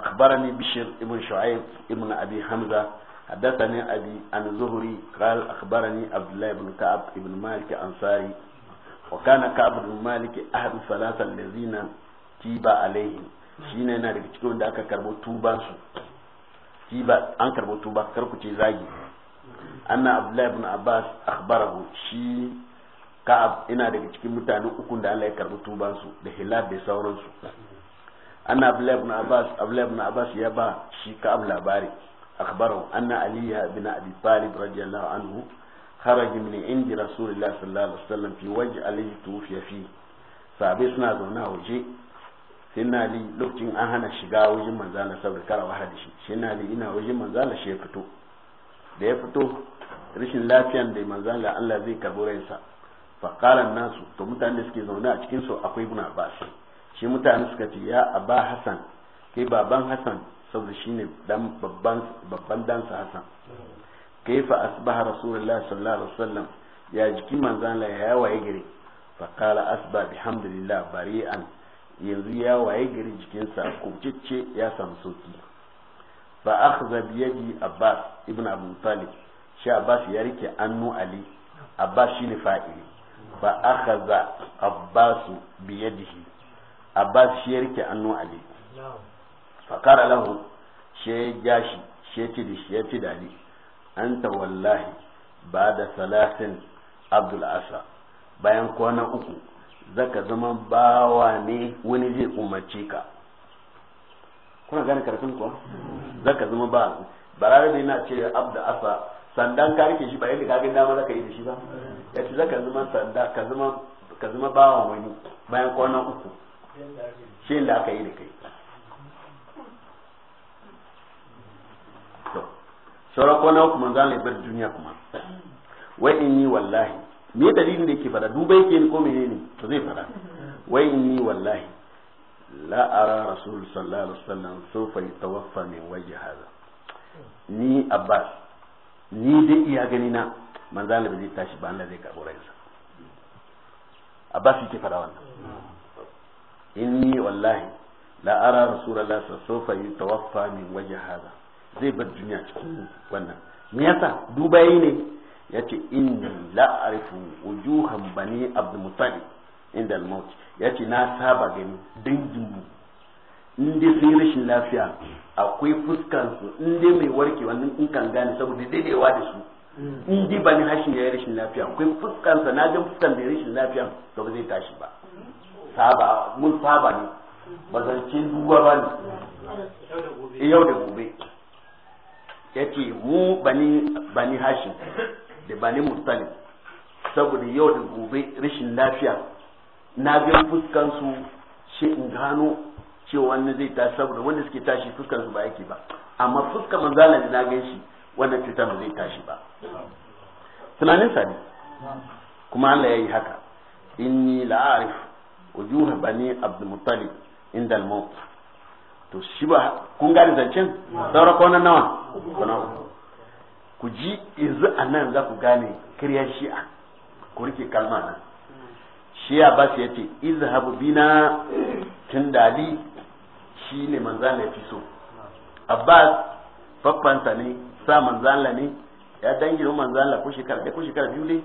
أخبرني بشير ابن شعيب ابن أبي حمزة حدثني أبي عن زهري قال أخبرني عبد الله بن كعب ابن مالك أنصاري وكان كعب بن مالك أحد الثلاثة الذين تيب عليهم shine yana daga cikin da aka karbo tuban su tiba an karbo tuba kar ku ce zagi anna abdullahi ibn abbas akhbarahu shi ka'ab ina daga cikin mutane uku da Allah ya karbo tuban su da hilal da sauransu anna abdullahi ibn abbas abdullahi ibn abbas ya ba shi ka abu labari akhbaru anna aliya ibn abi talib radiyallahu anhu kharaja min indi rasulillahi sallallahu alaihi wasallam fi wajhi alayhi tufiya fi sahabai suna zaune a waje sai na li lokacin an hana shiga wajen manzala saboda kara wahala da shi sai na li ina wajen manzala shi ya fito da ya fito rashin lafiyan da manzala Allah zai karbo ransa fa qala nasu to mutanen da suke zaune a cikin su akwai ibn abbas shi mutane suka ce ya aba Hassan kai baban Hassan saboda shine dan babban babban dansa hasan kaifa asbaha rasulullahi sallallahu alaihi wasallam ya jiki manzan la ya waye gari fa qala asba bihamdillah bari'an yanzu ya waye gari jikinsa kubcicce ya samu soki fa akhadha bi yadi abbas ibn abu talib shi abbas ya rike annu ali abbas shine fa'ili fa akhadha abbas bi yadihi abbas shi ya rike annu ali fakara lahu shi ya gashi shi ya ci da shi ya ci da ali anta wallahi ba da salatin abdul asa bayan kwana uku zaka zama bawa ne wani zai umarce ka kuna gane karatun kuwa zaka zama ba ne na ce Abdul asa sandan ka rike shi ba yadda kagin dama zaka yi da shi ba ya ce zaka zama sanda ka zama bawa wani bayan kwana uku shi da aka yi da kai to sauran kuma za manzan bar duniya kuma wai in yi wallahi me dalilin da ke fada duba yake ni ko ne to zai fada wai in yi wallahi la ara rasul sallallahu alaihi wasallam sofa yatawaffa min wajhi hada ni abbas ni da iya gani na manzan laibar zai tashi ba Allah zai karbo ransa abbas yake fada wannan inni wallahi la ara rasulullah sasofa yi tawaffa min waje haza zai bar duniya cikin wannan me yasa dubayi ne ya ce inni la arifu wujuhan bani abd mutalib inda al-maut ya ce na saba gani danginmu in dai sun yi rashin lafiya akwai fuskansu in dai mai warke wannan in kan gane saboda daidaiwa da su mm. in dai bani hashin ya yi rashin lafiya akwai fuskansa na ga fuskan da rashin lafiya to ba zai tashi ba saba mun saba ne ba zance duba ba ne yau da gobe yake mu bani bani hashim da bani mustalif saboda yau da gobe rashin lafiya na ga fuskan su shi in gano cewa wannan zai tashi saboda wanda suke tashi fuskan su ba yake ba amma fuska manzala ne na gan shi wannan cutar ba zai tashi ba tunanin sa ne kuma Allah ya yi haka inni la'arif wujuh bani abdul muttalib inda al to shi ba kun gane zancen saura kwana nawa ku ji yanzu a nan za ku gane kiryar shi'a ku rike kalma nan shi'a ba su yace izhabu bina tun dali shi ne manzan ya fi so abbas faffanta ne sa manzan ne ya dangi manzan ko shekara da ko shekara biyu ne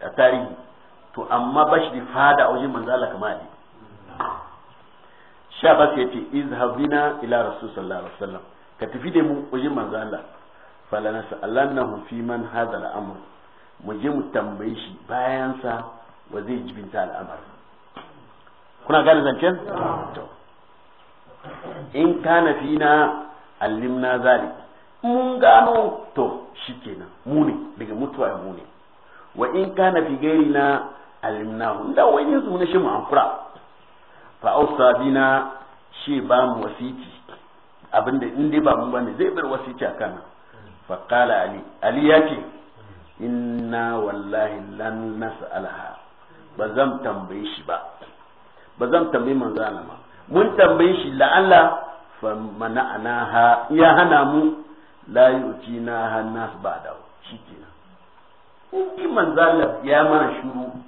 a tarihi to amma ba shi da fada a wajen manzo Allah kamar Ali sha ba su yace izhabina ila rasul sallallahu alaihi wasallam ka tafi da mu wajen manzo Allah fala nas'alannahu fi man hadha al-amr mu je mu tambaye shi bayan sa wa zai jibinta al'amar kuna gane zancen in kana fina allimna zalik mun gano to shikenan mu ne daga mutuwa mu ne wa in kana fi gairina alimnahu da wani su na shi mu amfura fa ausa bina shi ba mu wasiti abinda in dai ba mu bane zai bar wasiti a kana fa qala ali ali yake inna wallahi lan nas'alha ba zan tambaye shi ba ba zan tambaye manzo Allah mun tambaye shi la'alla fa mana'anaha ya hana mu la yutina hannas ba da shi kenan in manzo Allah ya mana shuru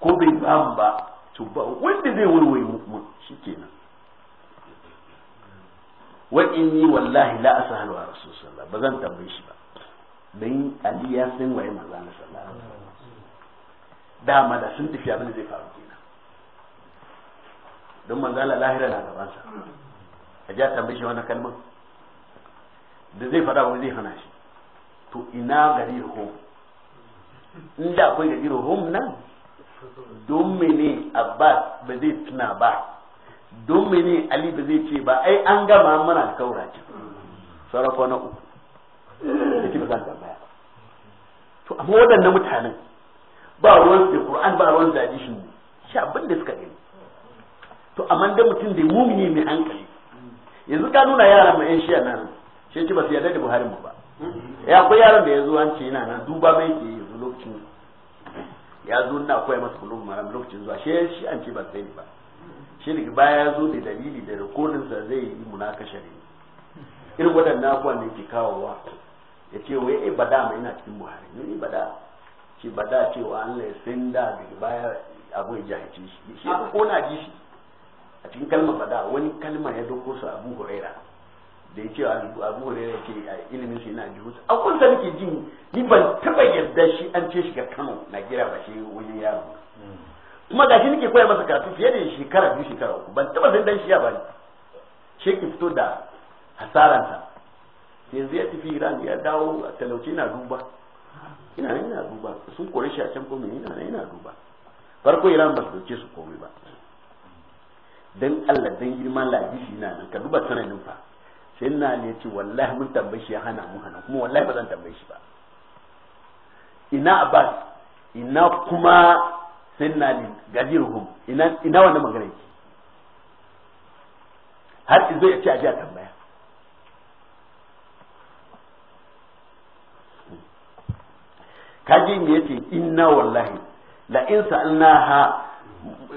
ko bai ba mu ba to ba wanda zai warware mu kuma shikenan wa inni wallahi la asahalu ala rasul sallallahu ba zan tambaye shi ba dan ali ya san waye manzo Allah sallallahu alaihi wasallam dama da sun tafi abin da zai faru kenan don manzo Allah lahira na gaban sa a ja tambaye shi wannan kalman da zai fada wani zai hana shi to ina gari hum inda akwai gari hum nan don mene abbas ba zai tuna ba don mene ali ba zai ce ba ai an gama mana kaura ce sarrafa na uku da ke ba tambaya to amma waɗannan mutanen ba ruwan da qur'an ba ruwan da hadisi ne shi abin da suka gani to amma da mutum da mumini mai hankali yanzu ka nuna yaran mai yan shiya nan shi ce ba su yarda da buhari mu ba ya akwai yaran da ya zo an ce yana nan duba mai ke yanzu lokacin ya zo na koya masa kulun maram lokacin zuwa shi shi an ce ba sai ba shi daga baya ya zo da dalili da rikodin sa zai yi munakashar ne irin waɗannan abuwa ne ke wa ya ce wai eh bada mai ina cikin buhari ne bada ce bada cewa an lai sun da daga baya abu ya shi shi ko na ji shi a cikin kalmar bada wani kalma ya doko su abu huraira da ya ce abu ya ce ilimin shi na jihu a kunsa sa nake jin ni ban taba yarda shi an ce shiga kano na gira ba shi wani yaro kuma ga shi nake koya masa karatu fiye da shekara biyu shekara uku ban taba san dan shi ya bani shi ke fito da hasaransa yanzu ya tafi iran ya dawo a talauci yana duba ina nan yana duba sun kore shi a can komai ina nan yana duba farko iran ba su dauke su komai ba dan Allah dan girman ladisi na nan ka duba sanadin fa sai na ne ce wallahi mun tambaye shi ya hana mun hana kuma wallahi ba zan tambaye shi ba ina abbas ina kuma sai sinna ne gajiruhum ina ina wannan magana yake har izo ya ce a ji a tambaya kaji ne yace inna wallahi la in sa'alnaha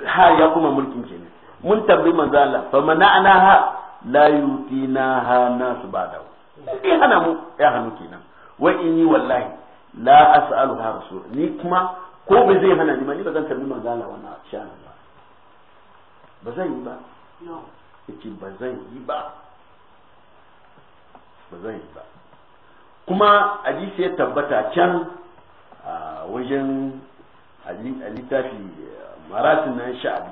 ha ya kuma mulkin kenan mun tambayi manzo Allah fa mana'ana ha la yutina ha nasu badaw in hana mu ya hannu kenan wa in yi wallahi la as'alu ha rasul ni kuma ko ba zai hana ni ma ni ba zan karbi manzala wannan sha'ani ba ba zan yi ba yace ba zan yi ba ba zan yi ba kuma hadisi ya tabbata can a wajen a littafi eh, maratin nan sha'abi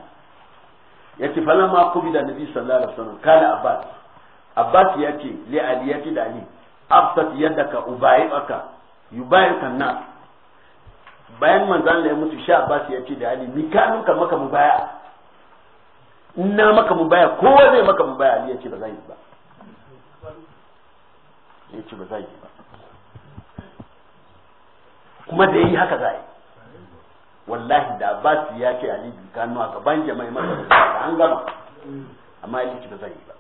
yace falamma da nabi sallallahu alaihi wasallam kana abbas abbas yace li ali yace da ali ka ubayi baka yubayi na bayan manzan da ya mutu sha abbas yace da ali ni ka nuka maka mubaya ina maka mubaya kowa zai maka mubaya ali yace ba zai ba yace ba zai ba kuma da yi haka zai wallahi da su ya ce ali bi kanu a ban jama'i masa da an gama amma ya ci ba zai yi ba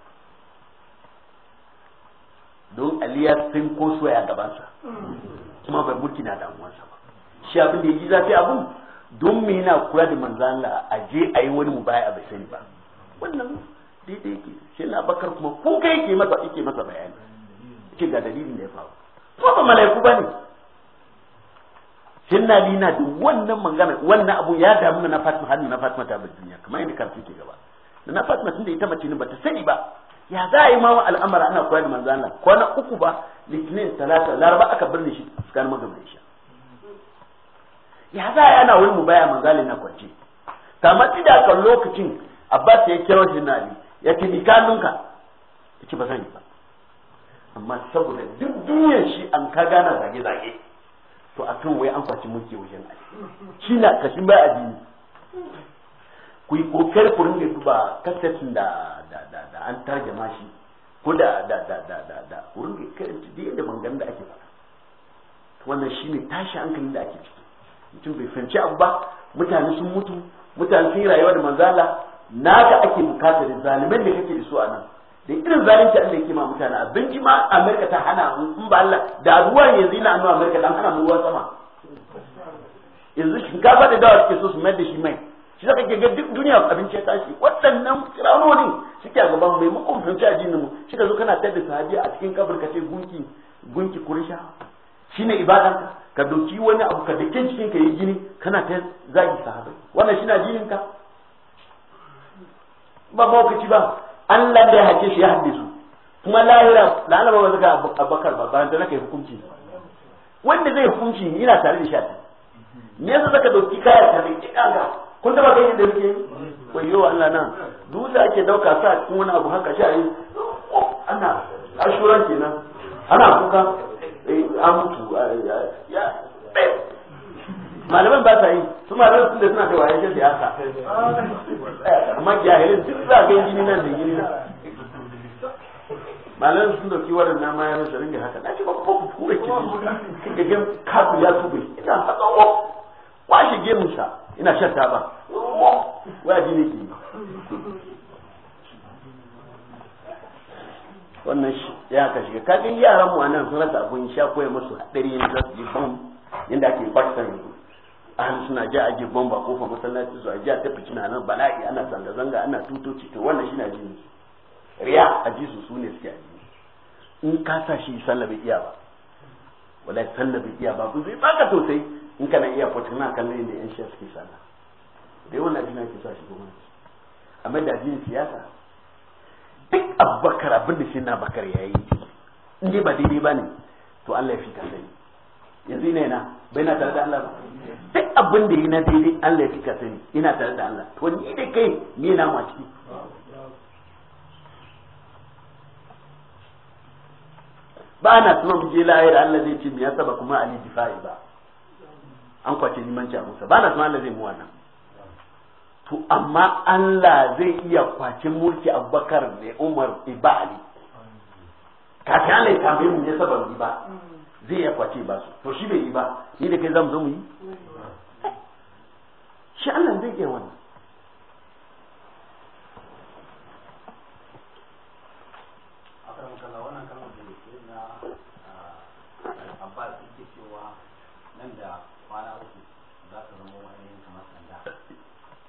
don ali ya tsin ko soya gabansa kuma bai mulki na damuwarsa ba shi abin da ya ji zafi abin don me yana kula da manzan a je a yi wani mubaya bai sani ba wannan daidai yake shi na bakar kuma kuka yake masa yake masa bayani yake ga dalilin da ya faru kuma ba malaiku ba ne sinna ni na da wannan magana wannan abu ya damu na Fatima hannu na Fatima ta bar duniya kamar yadda karfi ke gaba na Fatima tunda ita mace ne bata sani ba ya za a yi ma al'amara ana koyar da manzo Allah kwana uku ba litinin talata laraba aka birne shi tsakanin magabin shi ya za a yi ana wani mubaya manzo Allah na kwance mace da kan lokacin Abbas ya kira shi na ya ce ni kanunka ce ba zan yi ba amma saboda duk duniyar shi an ka gana zage zage to a kan wai an kwaci mulki wajen aji shi na kashin ba addini ku yi kokari ku da duba kasafin da da an tarjama shi ko da da da da da da ku da karanta duk yadda maganganun da ake faɗa wannan shi ne tashi hankalin da ake ciki mutum bai fahimci abu ba mutane sun mutu mutane sun yi rayuwa da manzala ga ake bukatar zalimai da kake da su a nan da irin zalunci Allah yake ma mutane abinci ma Amerika ta hana mu in ba Allah da ruwa yanzu ina annu Amerika dan hana mu ruwa sama yanzu shinkafa da dawa suke so su mayar da shi mai shi zaka ke ga duk duniya abinci ya tashi waɗannan firawunonin suke a gaban mai makon a jinin mu shi ka zo kana tada sahabi a cikin kabar ka ce gunki gunki kurisha ne ibadan ka doki wani abu ka dake cikin ka yi gini kana ta zagi sahabi wannan shi na jinin ka ba ci ba Allah da ya hake shi ya haddisu kuma lahira da Allah ba zaka abakar ba ba dan kai hukunci wanda zai hukunci yana tare da shi me yasa zaka dauki kaya ta ne kaga kun taba kai da yake wayo Allah nan dole ake dauka sa kun wani abu haka shi yi ana ashuran kenan ana kuka eh mutu ya malaman ba sa yi su malaman sun da suna da wayan shi sa amma jahilin duk za ga gini nan da gini nan malaman sun dauki waɗannan ma yana ringa haka na ce ba ku kure ki ga gem kafu ya tube ina haka wa oh. kwashe gemunsa ina shan taba oh. waya ke wannan ya ka shiga kafin yaran mu anan sun rasa abun sha koya musu hadari ne za su ji bam yadda ake an suna ja a girban ba kofa masallaci su a ja ta fitina nan bala'i ana zanga-zanga ana tutoci to wannan shi na jini riya a ji su ne suke ajiye in ka sa shi sallah iya ba wallahi sallah iya ba ku zai baka sosai in kana iya na kan ne yan shi suke sallah dai wannan jini ke sa shi gwamnati amma da jini siyasa duk abubakar abin da shi na bakar yayi in dai ba daidai ba ne to Allah ya fi ka sani yanzu ne na bai na tare da Allah ba duk abin da yi na daidai Allah ya kika sani ina tare da Allah to ni da kai ni na ma ciki ba na so mu je lahira Allah zai ce me yasa ba kuma ali difai ba an kwace limanci a Musa ba na so Allah zai mu wannan to amma Allah zai iya kwace mulki Abubakar da Umar ibali kafin Allah ya tambaye mu ne saban ba zai ya kwace ba su to shi bai yi ba ni da kai zamu zo mu yi shi Allah zai iya wannan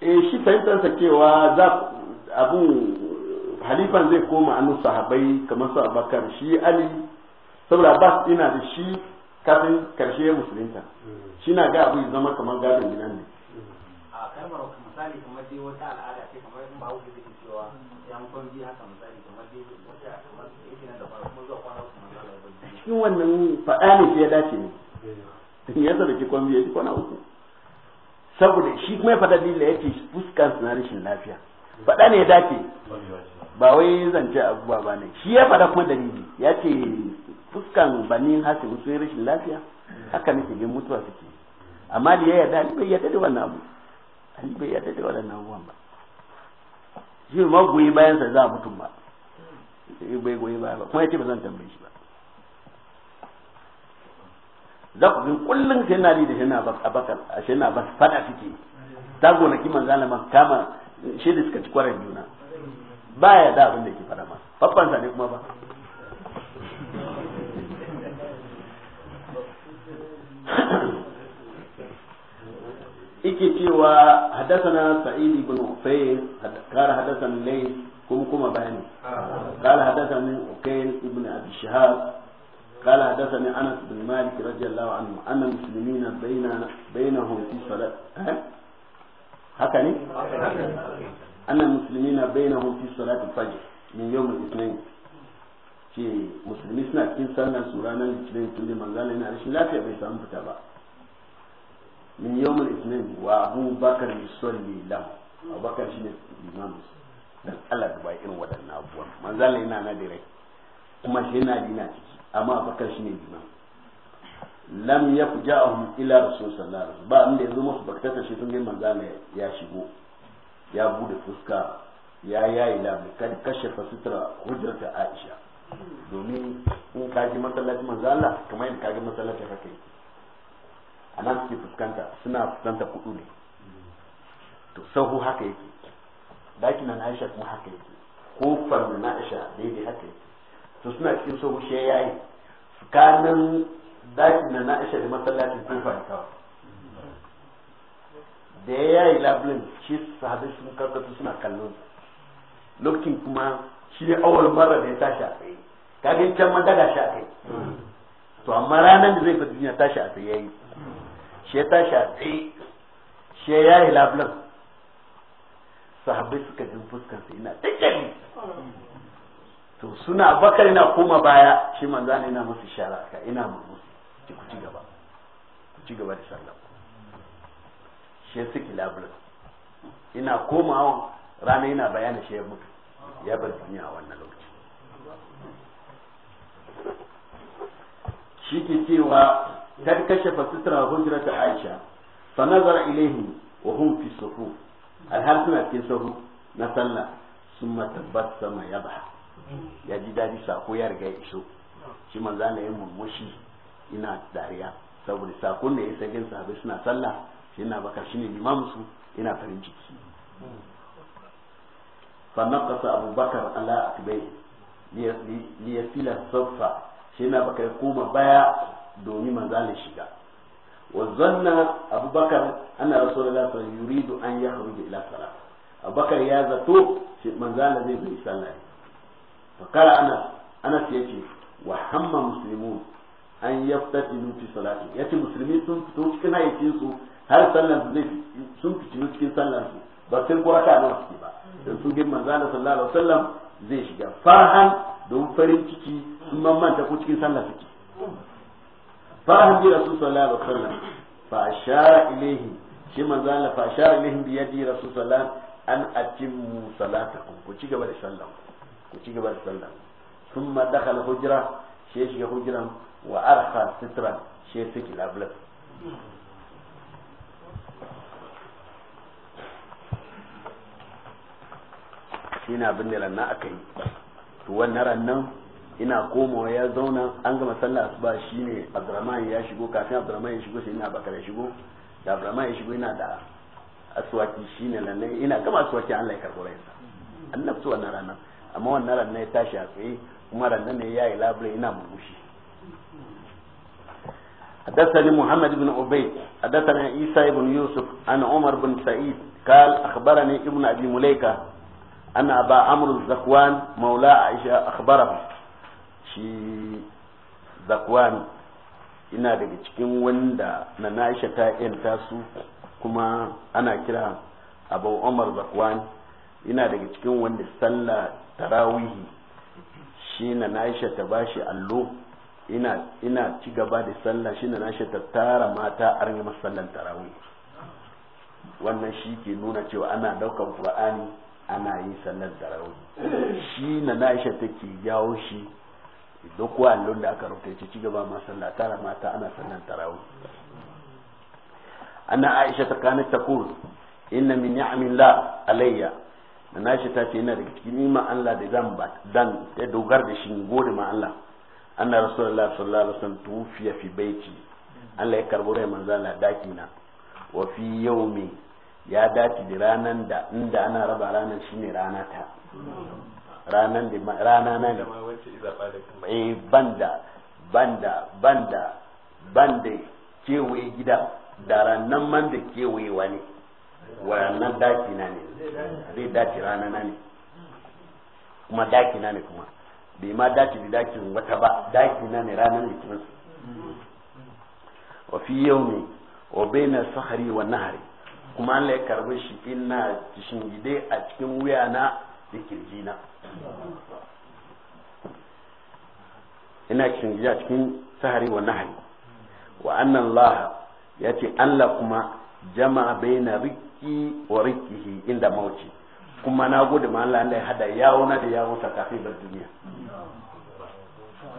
e shi fahimtarsa cewa za abu halifan zai koma annu sahabai kamar su abakar shi ali saboda abbas ina da shi kafin karshe ya musulunta mm. shi na ga abu zama kamar gadon gidan ne a kalmar misali misali da kuma zuwa cikin wannan faɗa ne ya dace ne eh. ya ya ci kwana uku saboda shi kuma ya faɗa dila ya ce fuskan suna rashin lafiya faɗa ne ya dace ba wai zance abubuwa ba ne shi ya faɗa kuma dalili ya ce fuskan banin hasibu sun rashin lafiya haka nake jin mutuwa suke amma da ya yarda ali bai yarda da wannan abu ali bai yarda da wannan abubuwan ba shi ma goyi bayan sa za a mutum ba sai bai goyi baya ba kuma yace ba zan tambaye shi ba za ku bin kullum sai na da ba a bakar a shi na bas fada suke ta gonaki manzo Allah kama shi da suka ci kwarar juna baya da abin da ke fara ma babban sa ne kuma ba ike cewa haddasana sa'id ibn ufayl kar haddasan lay kuma kuma bani qala haddasani ukayl ibn abi shahab qala haddasani anas ibn malik radiyallahu anhu anna muslimina bayna bainahum salat eh? haka ne anna muslimina min yawm al ce musulmi suna cikin sannan su ranar litinin tun da manzana yana rashin lafiya bai samu fita ba min yawon litinin wa abu bakar yusalli lam abu bakar ne imam dan Allah da bai irin waɗannan abubuwan manzana yana na dire kuma shi yana dina ciki amma abu bakar ne imam lam yakja'uhum ila rasul sallallahu alaihi wasallam ba inda yazo musu baktata shi tun da manzana ya shigo ya bude fuska ya yayi labi kad kashafa sutura hujjar ta Aisha domin in ka ji masallaci manzo Allah kamar yadda ka masallaci haka yi a nan suke fuskanta suna fuskanta kudu ne to sahu haka yake daki na Aisha kuma haka yake kofar na Aisha daidai haka yake to suna cikin sahu shi yayi tsakanin daki na Aisha da masallacin kofa ne da ya yi labulin shi sahabai sun karkata suna kallon lokacin kuma shi ne awal mara da ya tashi a tsaye kaga can ma daga shi a kai to amma ranar da zai fi duniya tashi a tsaye yayi shi ya tashi a tsaye shi ya yi labulan sahabbai suka jin fuskan sa ina tsakkani to suna bakar ina koma baya shi za ne ina musu shara ka ina musu ki ku ci gaba ku ci gaba da sallah shi suke labulan ina komawa rana yana bayana shi ya mutu ya bar duniya a wannan lokaci shi ke cewa kad fasitra sitra ta aisha fa nazara ilayhi wa hum fi sufu alhal suna cikin sahu na sallah summa tabassama yaba. ya ji dadi sako ya riga ya iso shi manzo Allah ya murmushi ina dariya saboda sakon da ya sagin sahabbai suna sallah shi na baka shine limamu su ina farin ciki فنقص أبو بكر على أكبيه ليسيل الصف شينا بكر يقوم بايع دومي مازال الشجاع وظن أبو بكر أن رسول الله صلى الله عليه وسلم يريد أن يخرج إلى الصلاة أبو بكر يا زتو مازال ذي بيصلي فقال أنس أنس يجي وهم مسلمون an yaftati nufi salati ya ce musulmi sun fito cikin hayyacin su har sallar su zai sun fitinu cikin sallar su ba sai ko raka nawa suke ba da sun bin manzana sallallahu alaihi wasallam zai shiga farhan don farin ciki sun manta ko cikin sallah suke farhan bi rasul sallallahu alaihi wasallam fa ashara ilaihi shi Allah fa ashara ilaihi bi yadi rasul sallallahu an atimmu salatakum ku cigaba da sallah ku cigaba da sallah thumma dakhala hujra shi shiga hujran wa arha sitran shi saki lablas shi na abin da rannan aka yi to wannan rannan ina komawa ya zauna an gama sallah asuba shine Abdurrahman ya shigo kafin Abdurrahman ya shigo sai ina Bakar ya shigo da Abdurrahman ya shigo ina da aswaki shine lannan ina gama aswaki Allah ya karbo rayuwa annabi to wannan rannan amma wannan rannan ya tashi a tsaye kuma rannan ne yayi labure ina murmushi حدثني محمد بن عبيد حدثنا عيسى بن يوسف عن عمر بن سعيد قال اخبرني ابن ابي مليكه أن أبا عمرو الزكوان مولى عائشة أخبره شي زكوان ina daga cikin وندا na na'isha ta yanta su kuma ana kira abu umar zakwan ina daga cikin wanda sallah tarawihi shi na na'isha ina ina ci gaba da sallah shi na shi ta tara mata a rage masallan tarawih wannan shi ke nuna cewa ana daukan qur'ani ana yi sallar zarawi shi na na'isha take jawo shi duk wallon da aka rufe ci ci gaba ma tara mata ana sallar tarawih ana aisha ta kana taqul inna min ni'amillah alayya na nashi ta ce yana da cikin nima Allah da zan ba dan ya dogar da shi gode ma Allah anna rasulullah sallallahu alaihi wasallam tufiya fi baiti Allah ya karbo rai manzala dakina na wa fi yaumi ya dace da ranan da inda ana raba ranan ne rana ta ranan da rana na ne eh banda banda banda banda kewaye gida da ranan man da kewayewa wani wannan daki na ne zai dace rana na ne kuma daki na ne kuma bai ma dace da dakin wata ba daki na ne ranar litinin wa fi yau ne wa bai na sahari wa nahari kuma Allah ya karbi shi ina shingide a cikin wuya na da kirji na ina shingide a cikin sahari wa nahari wa annan Allah ya ce Allah kuma jama'a na riki wa rikihi inda mauci kuma na gode ma Allah Allah ya hada yawo da yawo sa kafin bar duniya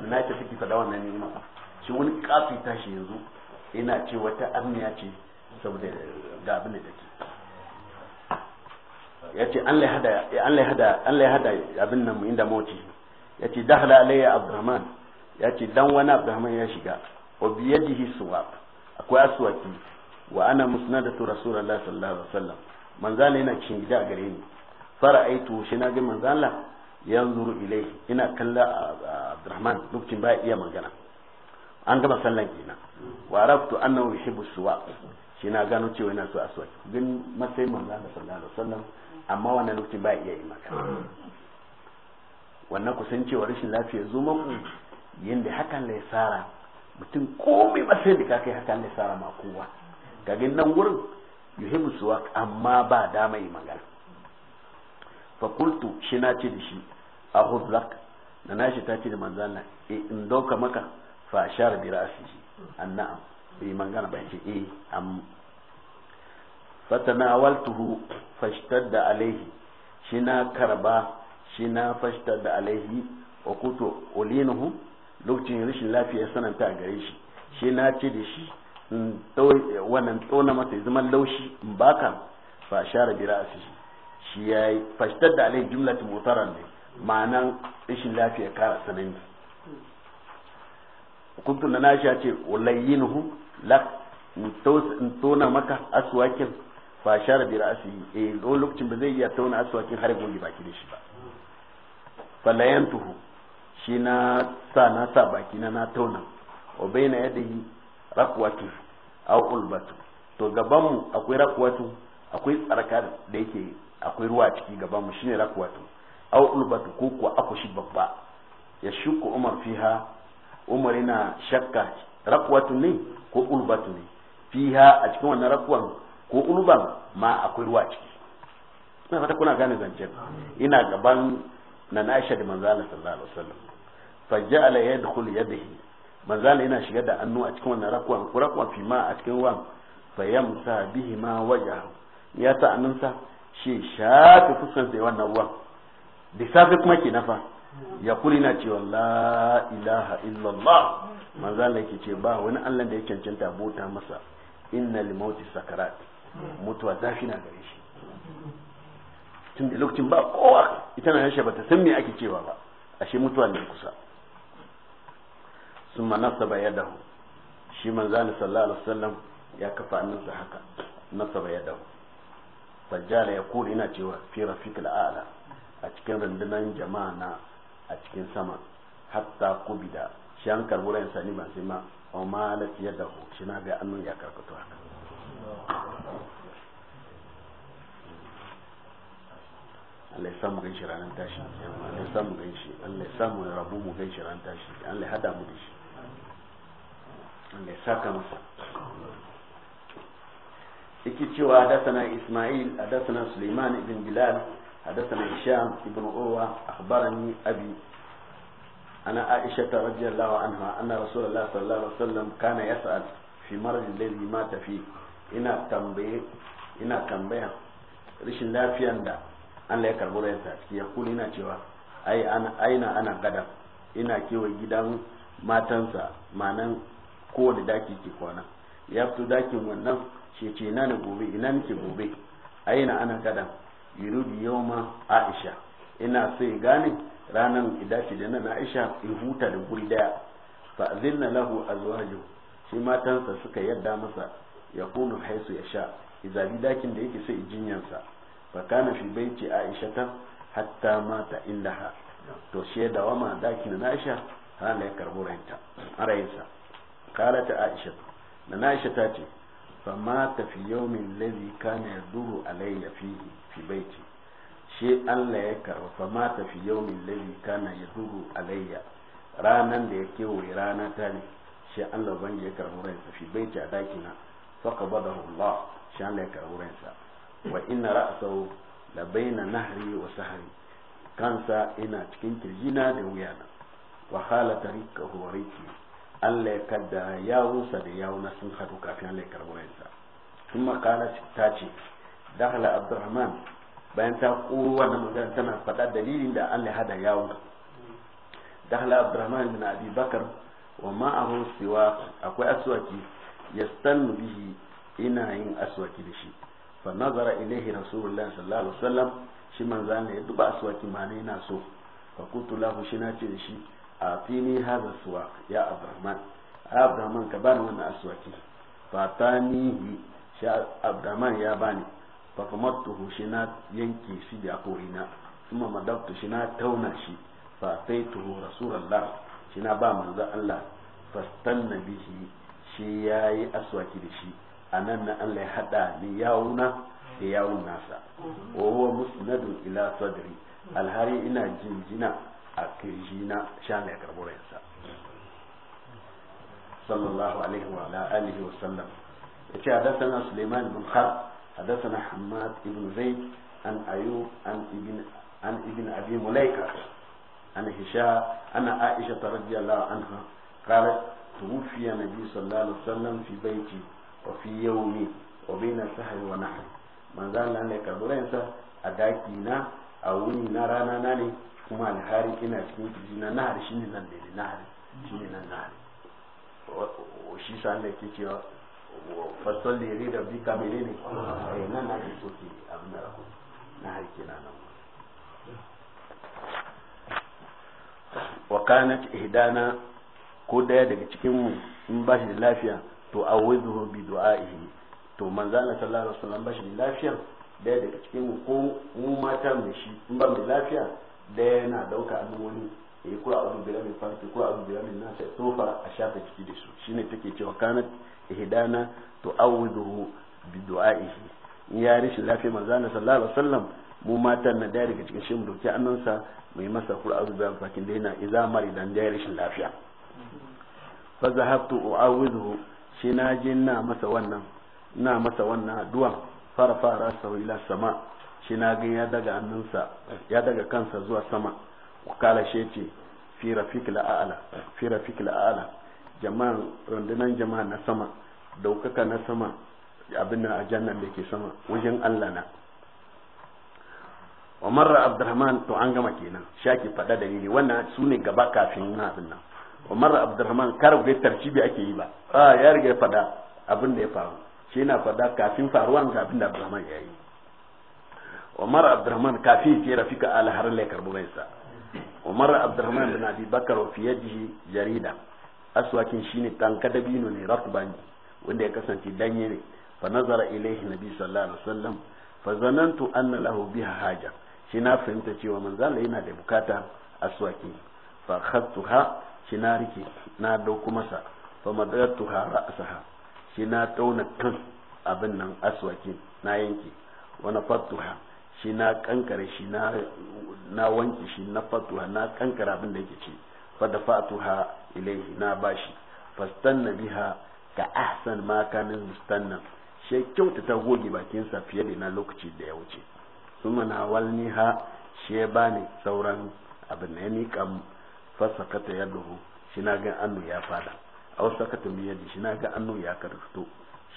na ce fiki fada wannan ne shi wani kafi tashi yanzu ina ce wata amniya ce saboda ga abin da take ya ce an ya hada abin nan mu inda mauti ya ce dahala alayya abdurrahman ya ce dan wani abdurrahman ya shiga wa biyadihi suwab akwai aswaki wa ana musnadatu rasulullah sallallahu alaihi wasallam manzala yana cikin gida gare ni fara aitu shi na ga manzala yanzuru ilai ina kalla abdurrahman lokacin ba iya magana an gama sallan kenan wa araftu annahu yuhibbu suwab shi na gano cewa yana so aswaki bin Masai Manza da sallallahu alaihi wasallam amma wannan lokacin ba iya yi maka wannan kusan cewa rashin lafiya zo maku yanda hakan lai sara mutum komai masai da ka kai hakan lai sara ma kowa gin nan wurin yuhimu suwa amma ba dama yi magana fa qultu shi na ce da shi a huzlak na nashi ta ce da manzana eh, in dauka maka fa ashar bi ra'sihi annam bai mangana ba ce eh am fatana awaltuhu fashtadda alaihi shi na karba shi na fashtadda alaihi wa kuto ulinuhu lokacin rashin lafiya sananta a gare shi shi na ce da shi wannan tsona masa zama laushi in baka fa share bi ra'si shi yayi fashtar da jumlatu mutaran ne ma'anan rashin lafiya kara sanani kuntu na nashi ya ce walayyinuhu lak in tona maka aswakin fa shara bi ra'sihi eh lokacin ba zai iya tona aswakin har goge baki da shi ba falayantuhu shi na sa na sa baki na na tauna wa baina yadihi raqwatu aw ulbatu to gaban mu akwai raqwatu akwai tsarka da yake akwai ruwa ciki gaban mu shine raqwatu aw ulbatu ko akwai shi babba ya shuku umar fiha umar yana shakka rakwatu ne ko ulbatu ne fiha a cikin wannan rakuwan ko ulban ma akwai ruwa ciki ina fata kuna gane zancen ina gaban na nasha da manzala sallallahu alaihi wasallam ja'ala yadkhul yadihi manzala yana shiga da annu a cikin wannan rakuwan ko rakuwan fi ma a cikin ruwan yamsa bihi ma wajahu ya ta annansa shi shafi fuskan sai wannan ruwan da safe kuma ke nafa ya kuli na cewa la ilaha illallah manzo Allah yake ce ba wani Allah da ya cancanta bota masa innal mauti sakarat mutuwa zafi na gare shi tun da lokacin ba kowa ita na yasha bata san me ake cewa ba ashe mutuwa ne kusa summa nasaba yadahu shi manzo Allah sallallahu alaihi wasallam ya kafa annansa haka nasaba yadahu fajjala ya kuri ina cewa fi rafiqil a'la a cikin rundunar jama'a na a cikin sama hatta kubida shi an karbi ran sani ban sai ma wa yadda yadahu shi na ga annun ya karkato haka Allah ya samu gan shi ranar tashi Allah ya samu gan shi Allah ya samu rabu mu gan shi ranar tashi Allah ya hada mu da shi Allah ya saka masa yake cewa hadathana Ismail hadathana Sulaiman ibn Bilal حدثنا هشام بن عروة أخبرني أبي أنا عائشة رضي الله عنها أن رسول الله صلى الله عليه وسلم كان يسأل في مرض الذي مات فيه إنا تنبيه إنا تنبيه rashin lafiyan da Allah ya karbi rayarsa ya kula ina cewa ai ana aina ana gadan ina kewa gidan matansa manan kowane daki ke kwana ya fito dakin wannan shi ce ina ne gobe ina nake ana gadan yuridu yawma aisha ina so ya gane ranan idace da nan aisha in huta da guri daya fa azinna lahu azwaju shi matansa suka yadda masa ya kunu haisu ya sha izabi dakin da yake so jinyansa fa kana fi baiti aisha ta hatta mata indaha to she da wama dakin na aisha hala ya karbu ranta arayinsa kala ta aisha na aisha ta ce fa mata fi yawmin ladhi kana yaduru alayya fihi fi baiti shi Allah ya karfa mata fi yawmin ladhi kana yaduru alayya ranan da ya kewaye rana ta ne shi Allah ban ya karbi ransa fi baiti a dakina fa bada Allah shi Allah ya karbi ransa wa inna ra'sahu la baina nahri wa sahri kansa ina cikin kirjina da wuyana wa khala tarikahu wa Allah ya kaddara yawunsa da yawuna sun hadu kafin Allah ya karbi ransa kuma kala ta ce dakhala abdurrahman bayan ta koro wannan magana tana faɗa dalilin da Allah hada yawo dakhala abdurrahman bin abi bakar wa ma'ahu siwa akwai aswaki yastannu bihi ina yin aswaki da shi fa nazara ilaihi rasulullah sallallahu alaihi wasallam shi manzo Allah ya duba aswaki ma ne yana so fa kuntu lahu shi nace da shi a fini hadha suwa ya abdurrahman abdurrahman ka bani wannan aswaki Fatanihi sha shi abdurrahman ya bani fakamattuhu shi na yanke shi da akorina kuma madabtu shi na tauna shi fa taituhu rasulullah shi na ba manzo Allah fastanna bihi shi yayi aswaki da shi anan na Allah ya hada ni yawuna da yawun nasa wa huwa musnadun ila sadri alhari ina jinjina a kirjina sha mai karburansa sallallahu alaihi wa alihi wa sallam yace hadathana Suleiman bin Kharb حدثنا حماد بن زيد عن أيوب عن ابن عن ابن أبي مليكة عن هشام عن عائشة رضي الله عنها قالت توفي النبي صلى الله عليه وسلم في بيتي وفي يومي وبين السهر ونحر من ذا لأن يكبرينسا أداكينا أولي نرانا ناني kuma alhari ina cikin kirji na nahari shine nan da nahari shine nan nahari shi sa Allah yake cewa fasalli ne da bi ka mene ne eh nan na ji abin da na daya daga cikin mu in ba da lafiya to bi du'a'ihi to manzo Allah sallallahu alaihi wasallam ba da lafiya daya daga cikin mu ko mu mata mu shi in ba mu lafiya daya yana dauka abin wani eh ko abu farki ko a abu nasa a shafa ciki da su shine take cewa kanat ihdana tu'awwiduhu bi du'a'ihi ya rishin lafiya manzo Allah sallallahu alaihi wasallam mu matan na dare daga cikin shin doki annansa mu yi masa kul azu bayan fakin da yana iza mari dan daya rashin lafiya fa zahabtu u'awwiduhu shi na je na masa wannan na masa wannan addu'a fara fara sau ila sama shi na ga ya daga annansa ya daga kansa zuwa sama kala shi ce fi rafiq la'ala fi rafiq la'ala jama'an rundunan jama'a na sama daukaka na sama abin da ajannan da ke sama wajen Allah na umar abdurrahman to an gama kenan shaki fada dalili wannan su ne gaba kafin na abin nan umar abdurrahman kar bai tarcibi ake yi ba a ya riga fada abin da ya faru shi na fada kafin faruwan ga abin da abdurrahman ya yi umar abdurrahman kafin je rafi ka har lai karbu mai sa abdurrahman bin abi bakar wa fi jarida aswakin shine tanka kadabino ne rakban wanda ya kasance danye ne fa nazara ilaihi nabi sallallahu alaihi wasallam fa zanantu anna lahu biha haja shi na fahimta cewa manzala yana da bukata aswaki fa khattuha shi na rike na dauko masa fa madartuha ra'saha shi na tauna kan abin nan aswaki na yanke wa nafattuha shi na kankare shi na na wanke shi na fatuha na kankara abin da yake ce fa fatuha ilaihi na bashi fastanna biha ka ahsan ma kana mustanna she kyauta ta goge bakin sa fiye da na lokaci da ya wuce suma na walniha she bani sauran abin da ya mika fasakata yaduhu shi na ga annu ya fada aw sakata mi yadi shi na ga annu ya karfito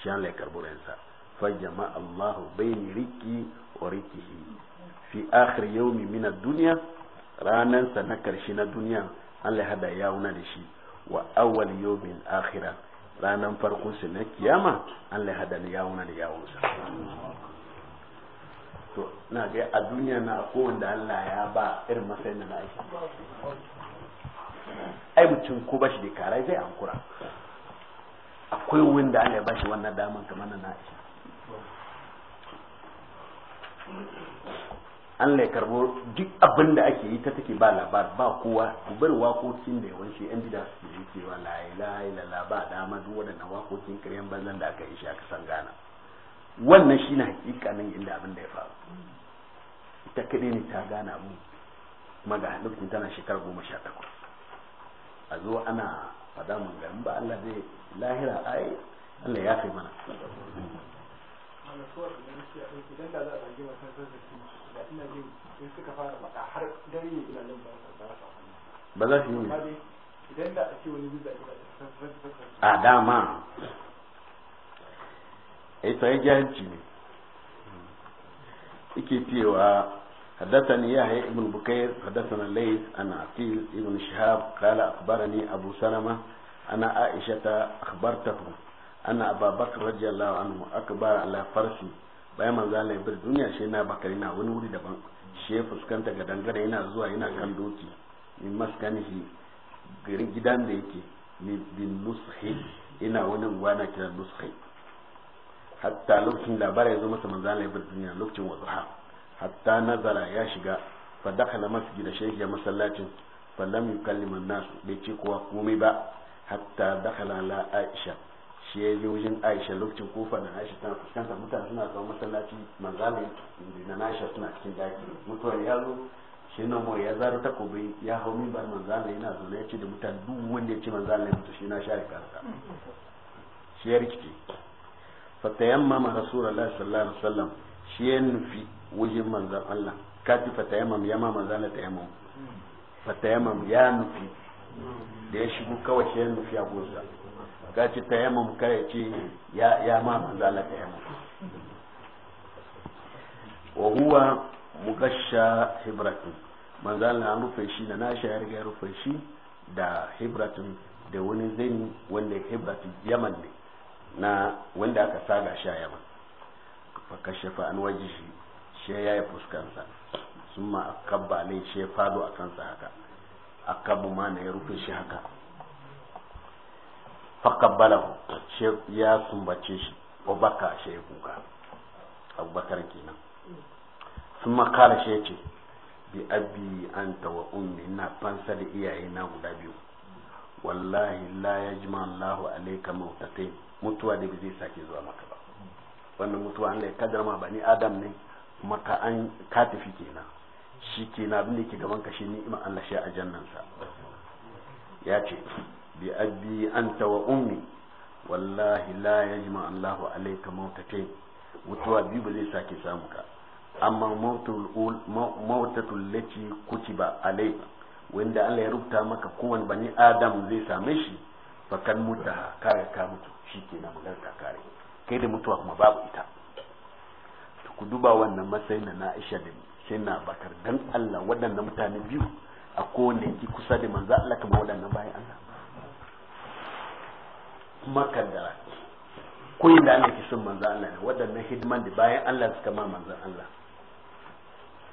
shi an lai karburen sa fa jama'a Allah baini riki wa rikihi fi akhir yawmi min duniya dunya sa na karshe na duniya Allah hada wuna da shi wa awwal yawmin akhira ranan farko su na kiyama Allah hada wuna da sa to na ga a duniya na wanda Allah ya ba irin matsayin da ake ai mutum ko bashi da karai zai ankura akwai wanda Allah ya bashi wannan daman kamar na na Allah ya karbo duk abin da ake yi ta take ba labar ba kowa ku bar wakokin da yawanci yan bida su yi cewa la ilaha illallah ba dama duk wadannan wakokin kiryan bazan da aka yi shi aka san gana wannan shi na hakikanin inda abin da ya faru ita kaɗai ne ta gana mu kuma ga lokacin tana shekara goma sha takwas a zo ana fada mun garin ba Allah zai lahira ai Allah ya kai mana ba za su yi a dama ita ya gyanci ike cewa haddasa Yahya ya haye ibn bukayar haddasa na lais a na fil ibn shahab kala akbara ne abu ana aisha ta akbar ana ababakar radiyallahu anhu akbar ala farsi bayan manzo Allah ya bar duniya shi na baka na wani wuri daban shi ya fuskanta ga dangare yana zuwa yana kan doki min maskanihi garin gidan da yake bin nushi ina wani gwana kira nushi hatta lokacin labara ya zo masa manzo Allah ya bar duniya lokacin wadha hatta nazara ya shiga fa dakhala masjid shaykh ya masallacin fa lam yukallimu an-nas bai ce kowa komai ba hatta dakhala la aisha shi ya je wajen aisha lokacin kofa na aisha tana fuskantar mutane suna zama masallaci manzali da na aisha suna cikin daki mutuwar ya zo shi na mor ya zaro takobi ya hau min bar manzali yana zaune ya ce da mutane duk wanda ya ce manzali ya mutu shi na share kansa shi ya rikice fatayammama rasulullahi sallallahu alaihi wasallam shi ya nufi wajen manzan Allah kati fatayammam ya ma manzala tayammam fatayammam ya nufi da ya shigo kawai shi ya nufi a gonsa gaci ta tayammum ka ya ce ya ma manzo Allah tayammum wa huwa mugashsha hibratun manzo Allah an rufe shi da nashi ya riga rufe shi da hibratun da wani zani wanda hibratun yaman ne na wanda aka saga shi a yaman fa kashafa an waje shi shi ya yi fuskansa summa akabba alai shi ya fado a kansa haka akabu ma na ya rufe shi haka faqabbalahu ya kumbace shi abubakar shi ya kuka abubakar kenan sun makara shi ce bi abi anta wa ummi na fansa da iyaye na guda biyu wallahi la yajma Allah alayka mautatain mutuwa da bai sake zuwa maka ba wannan mutuwa Allah ya kaddara ma bani adam ne kuma an ka tafi kenan shi kenan abin da yake gaban ka shi ni'ima Allah shi a jannansa ya ce بأبي أنت وأمي والله لا يجمع الله عليك موتتين mutuwa biyu ba zai sake samu ka amma mautatul kuki ba alai wanda Allah ya rubuta maka kowane bani adam zai same shi fakan muta kare ka mutu shikenan magana ta kare kai da mutuwa kuma babu ita to ku duba wannan matsayin na Aisha da sai na bakar dan Allah waɗannan mutane biyu a kowanne ki kusa da manzo Allah kamar waɗannan bayan Allah makaddara koyin da Allah ke son manzo Allah ne waɗannan hidiman da bayan Allah suka ma manzo Allah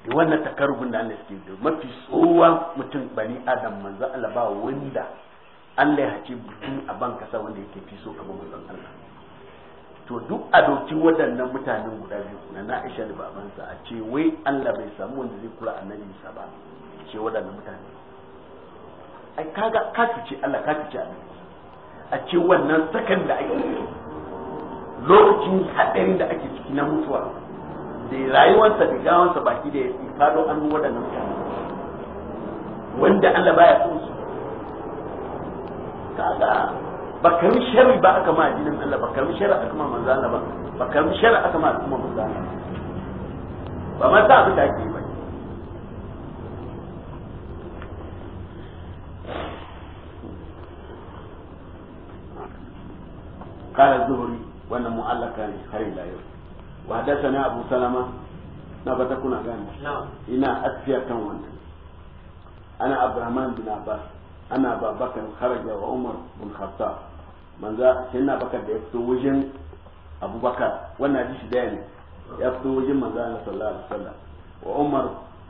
da wannan takarubin da Allah suke da mafi tsowa mutum bani adam manzo Allah ba wanda Allah ya hace mutum a ban kasa wanda yake fi so kamar manzo Allah to duk a doki waɗannan mutanen guda biyu na na Aisha da babansa a ce wai Allah bai samu wanda zai kula annabi sa ba ce waɗannan mutane ai kaga ka ce Allah ka ce annabi a ce wannan sakan da ake lokacin haɗarin da ake ciki na mutuwa da rayuwarsa da gawansa baki da ya faɗo an waɗannan da wanda Allah baya so su kaga ba karmi sharri ba aka ma addinin Allah ba karmi sharri aka ma manzo Allah ba ba karmi aka ma kuma manzo Allah ba ma za a fita ke ba قال الزهري وانا معلقا خير لا يوم وحدثنا ابو سلمة نبت كنا غاني نعم انا اتفيا كان وانت انا عبد الرحمن بن عباس انا ابا بكر خرج وعمر بن الخطاب من ذا سيدنا بكر ده يفتو وجن ابو بكر وانا ديش داني يفتو وجن من ذا صلى الله عليه وسلم وعمر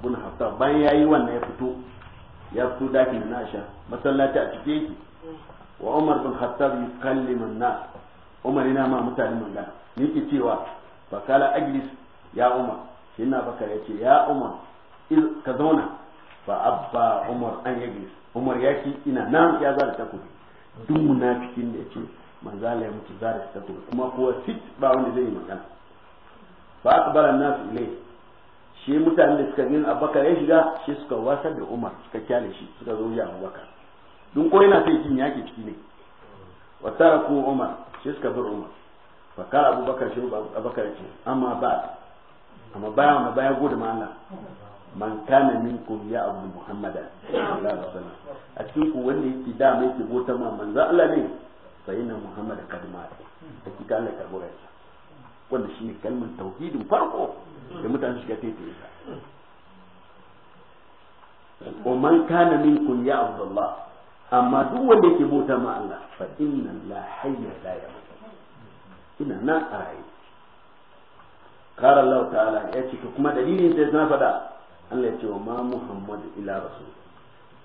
بن الخطاب بان ياي وانا يفتو يفتو داكن ناشا مسلاتي a cike yake wa Umar bin Khattab yukallimu umar yana ma mutane magana yake cewa fakala ajlis ya umar shi na bakar ya ce ya umar ka zauna fa abba umar an yajlis umar ya ki ina nan ya zara ta kudu duk munafikin da ya ce manzala ya mutu zara ta kudu kuma kuwa sit ba wanda zai yi magana fa akbara nas ilai shi mutanen da suka gina abubakar ya shiga shi suka wasar da umar suka kyale shi suka zo ya abubakar dun ko yana sai jin yaki ciki ne wa taraku umar sai suka bar umar fakar abubakar shi abubakar ce amma ba amma baya ma baya gode ma Allah man kana minkum ya abu muhammadan sallallahu alaihi wasallam a cikin ku wanda yake da mai ke bota ma manzo Allah ne fa inna muhammadan kad mat hakika Allah karbo gaisa wanda ne kalmar tauhidin farko da mutane shiga tete sa wa man kana minkum ya abdullah amma duk wanda yake bauta ma Allah fa inna la hayya la yamut ina na a raye qala Allah ta'ala ya ce kuma dalilin sai na faɗa Allah ya ce wa ma Muhammad ila rasul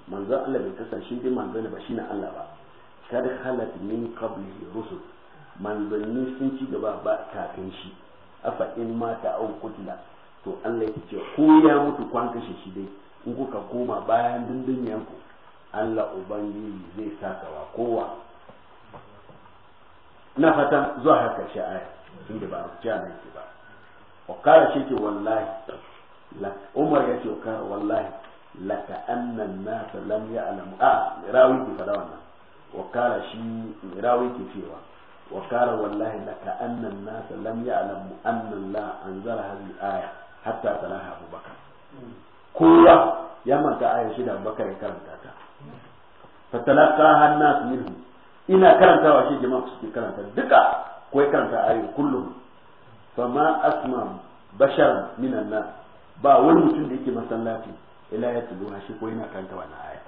manzo Allah bai kasance shi dai manzo ne ba shine Allah ba kad khalat min qabli rusul manzanni sun ci gaba ba kafin shi afa in mata au kutla to Allah ya ce ko ya mutu kwan kashe shi dai in kuka koma bayan dindin yanku Allah Ubangiji zai saka wa kowa na fata zuwa har karshe aya inda ba a ja nan ki ba wa kara shi ke wallahi Umar ya ce kara wallahi la ka annan nas lam alamu. a rawi ki fada wannan wa kara shi rawi ki cewa wa kara wallahi la ka annan nas lam ya'lamu anna Allah anzara hadhihi aya hatta talaha Abubakar kowa ya manta aya shida Abubakar ya karanta fatalaka an-nas minhu ina karantawa shi jama'a suke karanta duka ko karanta yau, kullum fama asma bashar minan nas ba wani mutum da yake masallaci ila ya tuluha shi ko yana karanta wannan aya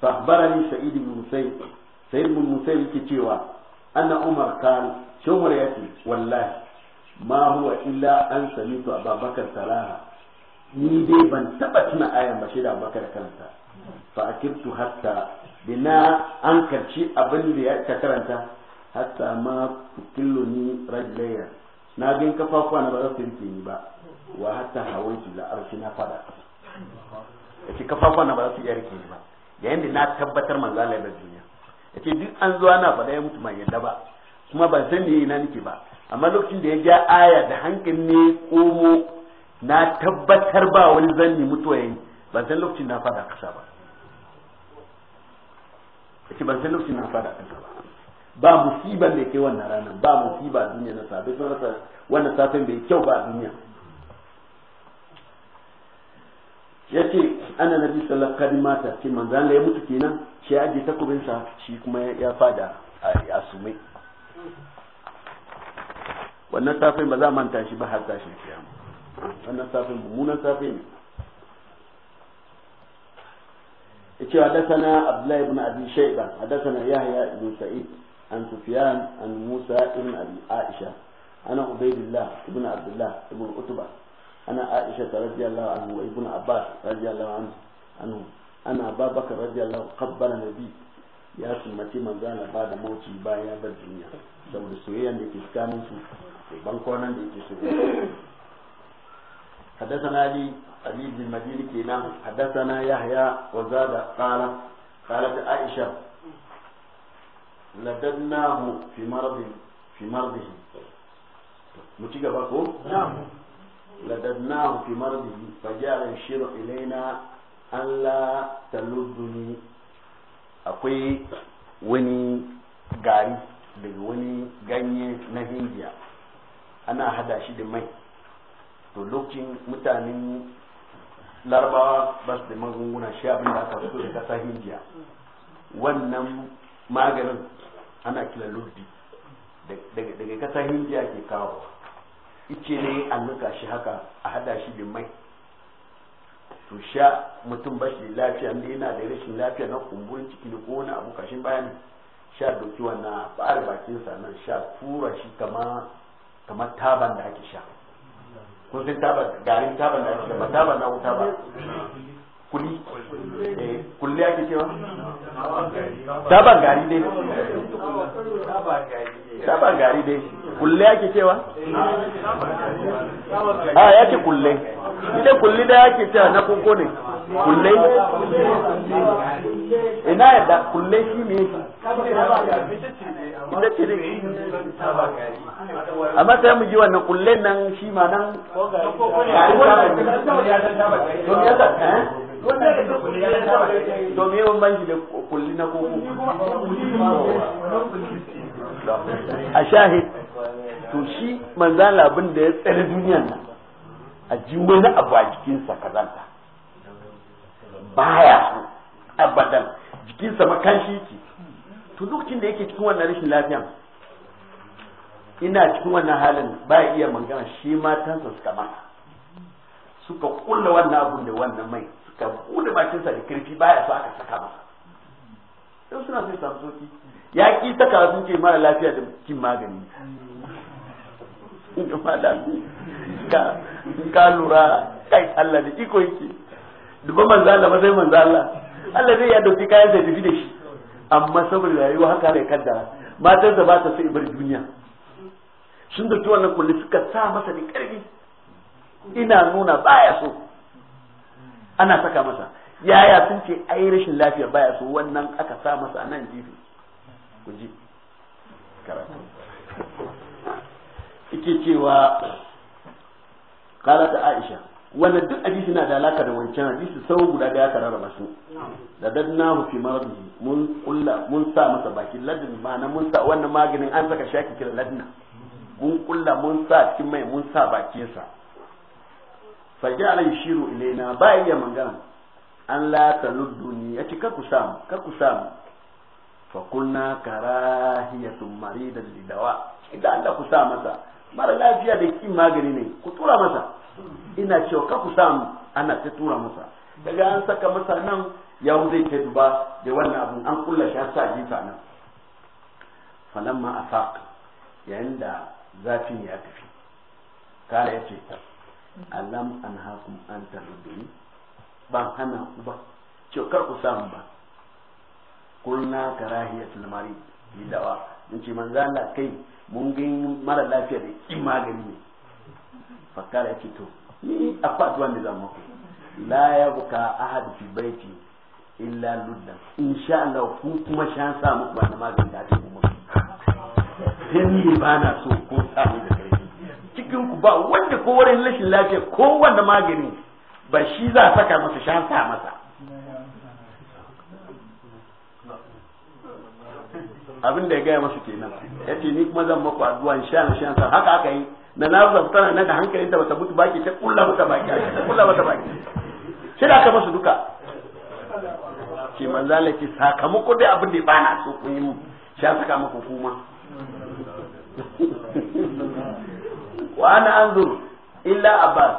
fa akhbarani sa'id ibn musayyib sa'id ibn musayyib yake cewa anna umar kan shomar ya ce, wallahi ma huwa illa an sami to babakar salaha ni dai ban taba tuna ayan ba shi da abubakar karanta fa'akibtu hatta bina an karci abin da ya ta karanta hatta ma kullu ni rajlaya na bin kafafuwa na ba za su rike ni ba wa hatta hawaitu la arshi na fada yace kafafuwa na ba za su iya rike ni ba da yanda na tabbatar manzo Allah da duniya yace duk an zuwa na fada ya mutu ya yadda ba kuma ban san me ina nake ba amma lokacin da ya ja aya da hankali ne komo na tabbatar ba wani zanni mutuwa yayi ban san lokacin na fada kasa ba yace ban san lokacin na fara ba ba musiba da yake wannan ranar ba musiba a duniya na safe sun rasa wannan safen bai kyau ba a duniya ce ana bi sallar alaihi ta ce manzan da ya mutu kenan shi ya ajiye takubinsa shi kuma ya fada a sume wannan safen ba za manta shi ba har tashin kiyama wannan safen mummunan safe ne yace hadathana abdullah ibn abi shayba hadathana yahya ibn sa'id an sufyan an musa ibn abi aisha ana ubaydillah ibn abdullah ibn utba ana aisha radiyallahu anhu wa ibn abbas radiyallahu anhu anhu ana babaka radiyallahu qabbala nabi ya summaci manzana ba da mauci bayan ya bar duniya saboda soyayyan da ke tsakanin su ban kwanan da yake so حدثنا علي علي بن المديني كنا حدثنا يحيى وزاد قال قالت عائشة لددناه في مرض في مرضه متجبكم نعم لددناه في مرضه فجاء يشير إلينا ألا تلدني أقوي وني gari daga wani ganye na hindiya ana hada shi da mai to lokacin mutanen larabawa ba su da magunguna shi abin da aka so da kasa hindiya wannan maganin ana kila lobby daga kasa hindiya ke kawo ice ne a nuka shi haka a hada shi da mai to sha mutum ba shi lafiya ne yana da rashin lafiya na kumburin ciki ne ko wani abu kashin bayan sha doki wannan fa'ar bakinsa nan sha tura shi kama taban da ake sha kun san taba garin taba na ba taba na wuta ba kuli eh kulli ake cewa taban gari dai taban gari dai kulli ake cewa a ah, ya ce kulle ita kulli da yake cewa na kunko ne kulle ina yadda kulle shi ne na ce dai amma sai mu ji wannan kullen nan shi ma nan to yawan banki da kulli na koko a shahid to shi manzala abin da ya tsere duniyan nan a ji wani abu a jikinsa zanta baya so abadan jikinsa makanshi yake to lokacin da yake cikin wannan rashin lafiyan ina cikin wannan halin ba iya magana shi matansa suka mata suka kulla wannan abun da wannan mai suka bude bakinsa da kirfi baya so aka saka masa don suna sai samu soki ya ki saka sun ce mara lafiya da kin magani ka lura kai Allah da iko yake duba manzo Allah ba sai manzo Allah Allah zai ya dauki kayan sai tafi da shi amma saboda rayuwa haka ne kaddara matar da ba ta sai bar duniya sun dauki wannan kulli suka sa masa da karfi ina nuna baya so ana saka masa yaya sun ce ai rashin lafiya baya so wannan aka sa masa nan jibi ku ji karatu ike cewa kala ta aisha wannan duk hadisi na da alaka da wancan hadisi sau guda da ya rarraba su da dadnahu fi maradi mun kulla mun sa masa bakin ladin ma'ana mun sa wannan maganin an saka shaki kira ladna mun kulla mun sa cikin mai mun sa bakin sa fa ja'ala ilaina ba iya magana an la ludduni yace ka ku samu ka ku samu fa kunna karahiyatun maridan lidawa idan da ku sa masa mara lafiya da kin magani ne ku tura masa ina cewa ka ku samu ana ta tura masa daga an saka masa nan ya zai ta duba da wannan abin an kulla shi har sa jita nan falamma afaq yayin da zafin ya tafi kala yace alam anhaakum an tarbiyi ban hana ku ba Cewa kar ku samu ba kulna karahiyatul marid dawa nace manzo Allah kai mun ga mara lafiya da ki magani ne fakara yake to ni akwai addu'a da zan ku la buka ahad fi baiti illa ludda insha Allah ku kuma shan sa muku ba magani da take kuma dan ni ba na so ko samu da kai cikin ku ba wanda ko wurin rashin lafiya ko wanda magani ba shi za a saka masa shan sa masa abin da ya gaya masu kenan ya ce ni kuma zan maku addu'a insha Allah shan sa haka aka yi da lazar tana na da ta bata mutu baki ta kulla mata baki ta kulla mata baki sai da aka masu duka ke manzala ce sakamako dai abin da ya bana so kun yi mu sha saka maka kuma *laughs* wa ana anzur illa abbas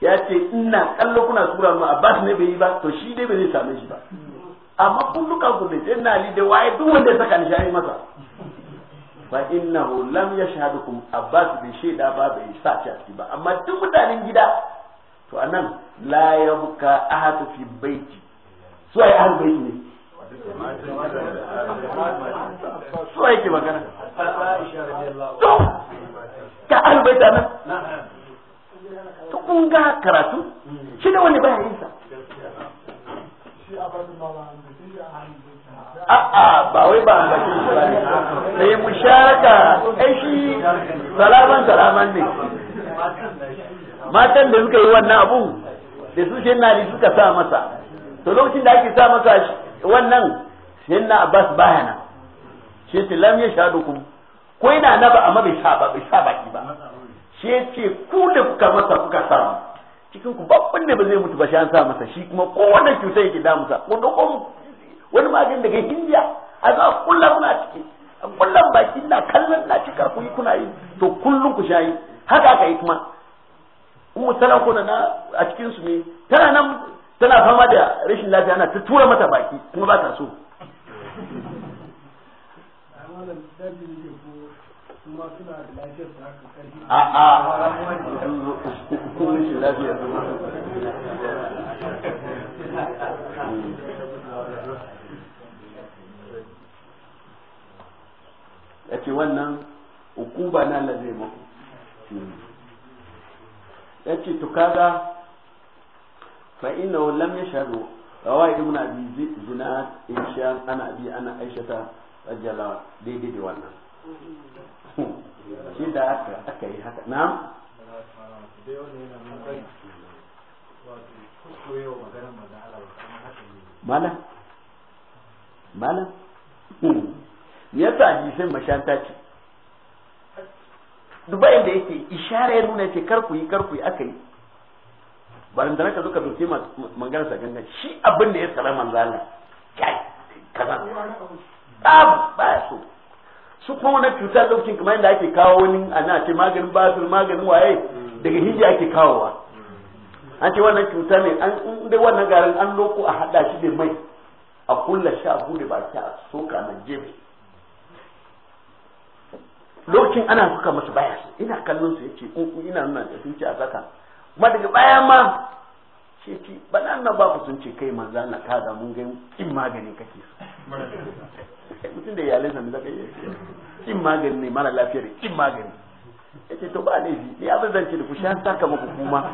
ya ce ina kallo kuna sura mu abbas ne bai yi ba to shi dai bai zai same shi ba amma kun duka ku bai sai na ali da waye duk wanda ya saka ni shayi masa fa innahu lam yashhadukum abbas bai shaida ba bai sa ci a ciki ba amma duk mutanen gida to anan la yabka ahad fi baiti su ai ahad baiti ne su ai ke magana to ka ahad baiti nan to kun ga karatu shi da wani bayan sa shi abadu ma ba an a'a ba wai ba ambaci shi ba ne sai musharaka ai shi salaman salaman ne matan da suka yi wannan abu da su shi na suka sa masa to lokacin da ake sa masa wannan shi na abbas bayana. shi ce lam ya sha ku ko yana na ba amma bai sha ba bai sha baki ba shi ce ku da kuka masa kuka sa cikin ku babban da ba zai mutu ba shi an sa masa shi kuma kowanne cutar yake damusa ko dokon wani magani daga Hindiya, a za a kulla kuna ciki a kullan baki na kallon na cika ku yi kuna yi to kullum ku shayi haka aka yi kuma umu tana kuna na a cikin su ne tana nan tana fama da rashin lafiya na ta tura mata baki kuma ba ta so a'a rashin lafiya ya ce wannan hukuba na Allah zai muku ya ce to fa ina lam yashhadu rawai ibn zina zinad insha ana bi ana aishata rajala daidai da wannan shi da aka aka yi haka na. mana mana. Hmm. ya sa hadisin mashanta ce dubai da yake ishara ya nuna ce kar ku yi kar ku yi aka yi barandana ka zo ka doke magana sa ganga shi abin da ya tsara manzana kai kaza tsab ba so su kuma wani cuta lokacin kamar yadda ake kawo wani ana ce maganin basir, maganin waye daga hijiya ake kawowa an ce wannan cuta ne an dai wannan garin an loko a hada shi da mai a kulla sha bude ba a soka na jefe lokacin ana kuka masa baya su ina kallon su yace ko ku ina nuna da sun ce a saka kuma daga baya ma ce ci bana nan ba ku sun ce kai manzo na ka da mun ga kin magani kake su mutum da iyalai sami zaka yi kin magani ne mara lafiyar kin magani yace to ba ne ni ya zan ce da ku sha saka muku kuma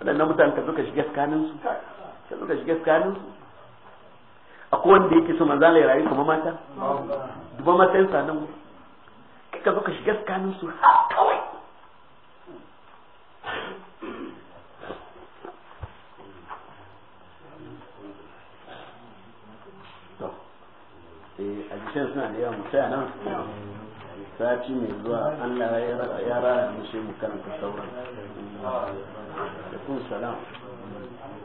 wadannan mutane ka zuka ka shiga tsakaninsu ka zo ka shiga tsakaninsu akwai wanda yake so manzo Allah ya rayu kuma mata duba matan sa nan kai ka zo ka shiga tsakanin su ha kawai eh, a jikin suna da sati mai zuwa Allah ya rara mu shi mu karanta sauran da kun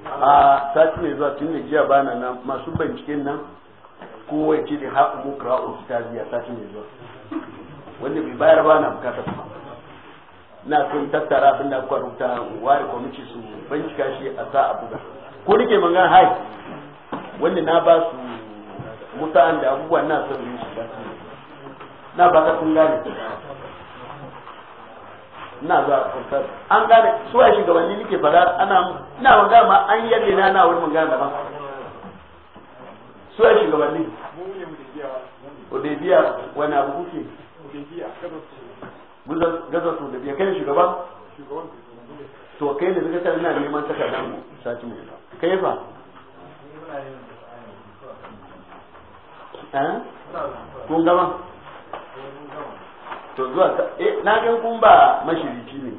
a sati mai zuwa tun da jiya ba na nan masu binciken nan kowa ce da haɗu mu kira ofi ta biya sati mai zuwa wanda bai bayar ba na bukata ba na sun tattara abin da kuka rubuta ware kwamiti su bincika shi a sa a buga ko nake mangan hai wanda na ba su mutan da abubuwan na sun yi su na ba ta sun gane ina zuwa kwantar an gane su a shugabanni nike fada ana ina magana ma an yalle na na wani gane daban su a shugabanni Odebiya wani abu kuke? Gaza su da biya kai shugaban? To kai da zaka tare na neman takardar mu sati mu. Kai fa? Eh? Kun gaba eh, to zuwa eh na ga kun ba mashiriki ne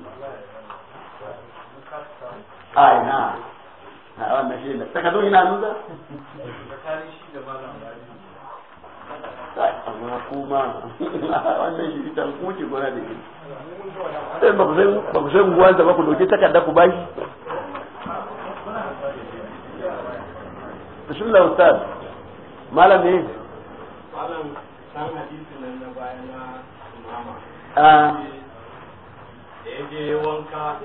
ai na na ba shi ne saka zo ina nuna da ta amma kuma *laughs* wannan shi ta kuke gona da shi eh, sai ba ku san guwan da ba ku dauke takarda ku bashi bismillah ustaz malam ne malam san hadisi nan na baya na Ah. a ce wanka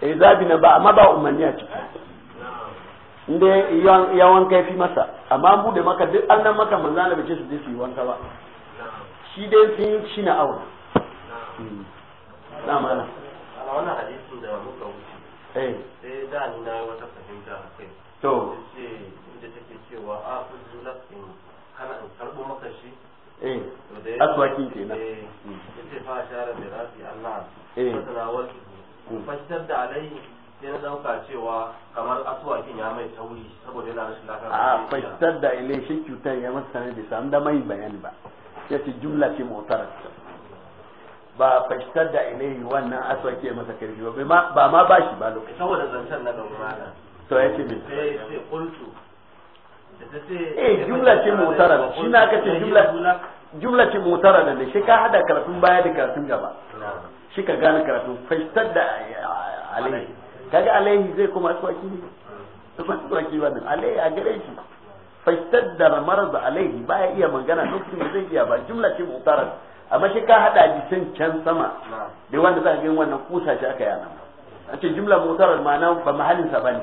eh zabi na ba amma ba umarni a ciki inda ya wanka ya fi masa amma an bude maka duk an nan maka manzo na bace su je su yi wanka ba shi dai sun shi na aure na mana Eh. alquran fashtar da alai sai na dauka cewa kamar aswakin ya mai tauri saboda yana rashin lafiya a fashtar da alaihi shi cutar ya masa sanar da samu da mai bayani ba yace jumla ce mu'tarat ba fashtar da alaihi wannan aswaki ya masa karfi ba ba ma ba shi ba lokaci saboda zancen na gaba to yace me sai sai qultu eh jumla ce mutara shi na aka ce jumla jumla ce mutara da shi ka hada karfin baya da karfin gaba kika gane karatu faistar da alaihi kaga alaihi zai kuma aiki ne aswaki wannan alaihi a gare shi faistar da marar da alaihi baya iya magana lokacin da zai iya ba jumla ce mutara amma shi ka hada san can sama da wanda za ka gani wannan kusa shi aka yana a ce jumla mutarar ma'ana ba mahalin sa bane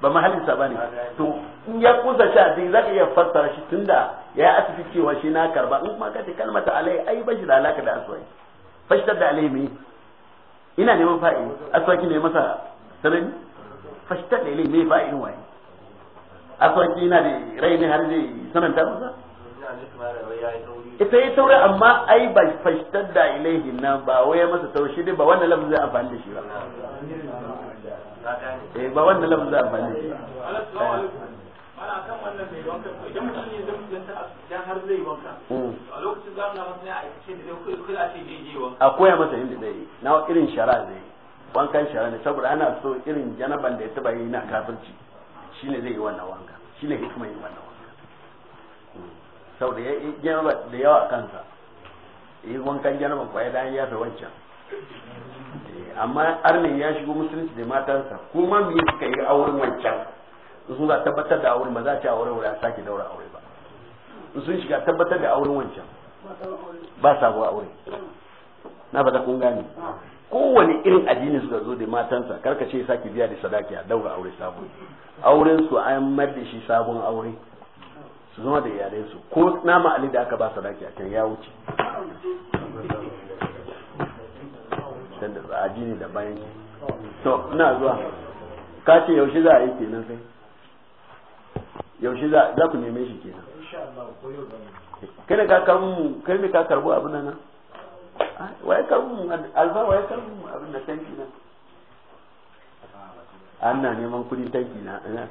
ba mahalin sa bane to in ya kusa shi a cikin za ka iya fassara shi tunda ya asibi cewa shi na karba in kuma ka ce kalmata alai ai ba shi da alaka da asuwa fashtar da alai mai ina neman fa'i aswaki ne masa sanani fashtar da alai mai fa'in waye aswaki yana da rai ne har zai sananta masa ita yi saurin amma ai ba fashtar da ilaihi nan ba waya masa taushi dai ba wannan zai amfani da shi ba eh, ba wannan zai amfani da shi ba ana kan wannan mai wanka ko idan mutum ne zai mutunta a har zai wanka hmm. a lokacin za mu na masa ne a aikace da zai kuɗi a ce je je wanka a koya masa inda zai yi na irin shara zai yi wankan shara ne saboda ana so irin janaban da ya taba yi na kafirci shine zai yi wannan wanka shine hikima yin wannan wanka hmm. saboda ya janaba da yawa a kansa yi wankan janaban kwaya bayan ya fi wancan eh, amma arnin ya shigo musulunci da matansa kuma me suka yi auren wancan sun za tabbatar da auren ba za a ci auren wuri a sake daura aure ba sun shiga tabbatar da auren wancan ba sabo aure na fata kun gane kowane irin addini suka zo da matansa karka ce sake biya da sadaki a daura aure sabon auren su an mar da shi sabon aure su zama da iyalai su ko nama ali da aka ba sadaki a can ya wuce da addini da bayan to ina zuwa ka ce yaushe za a yi kenan sai yaushe za ku neme shi kenan kada ka karbu mu kai ne ka karbo abin nan ah, waye karbu mu alfa waye karbu mu abin da tanki na ana neman kudin tanki na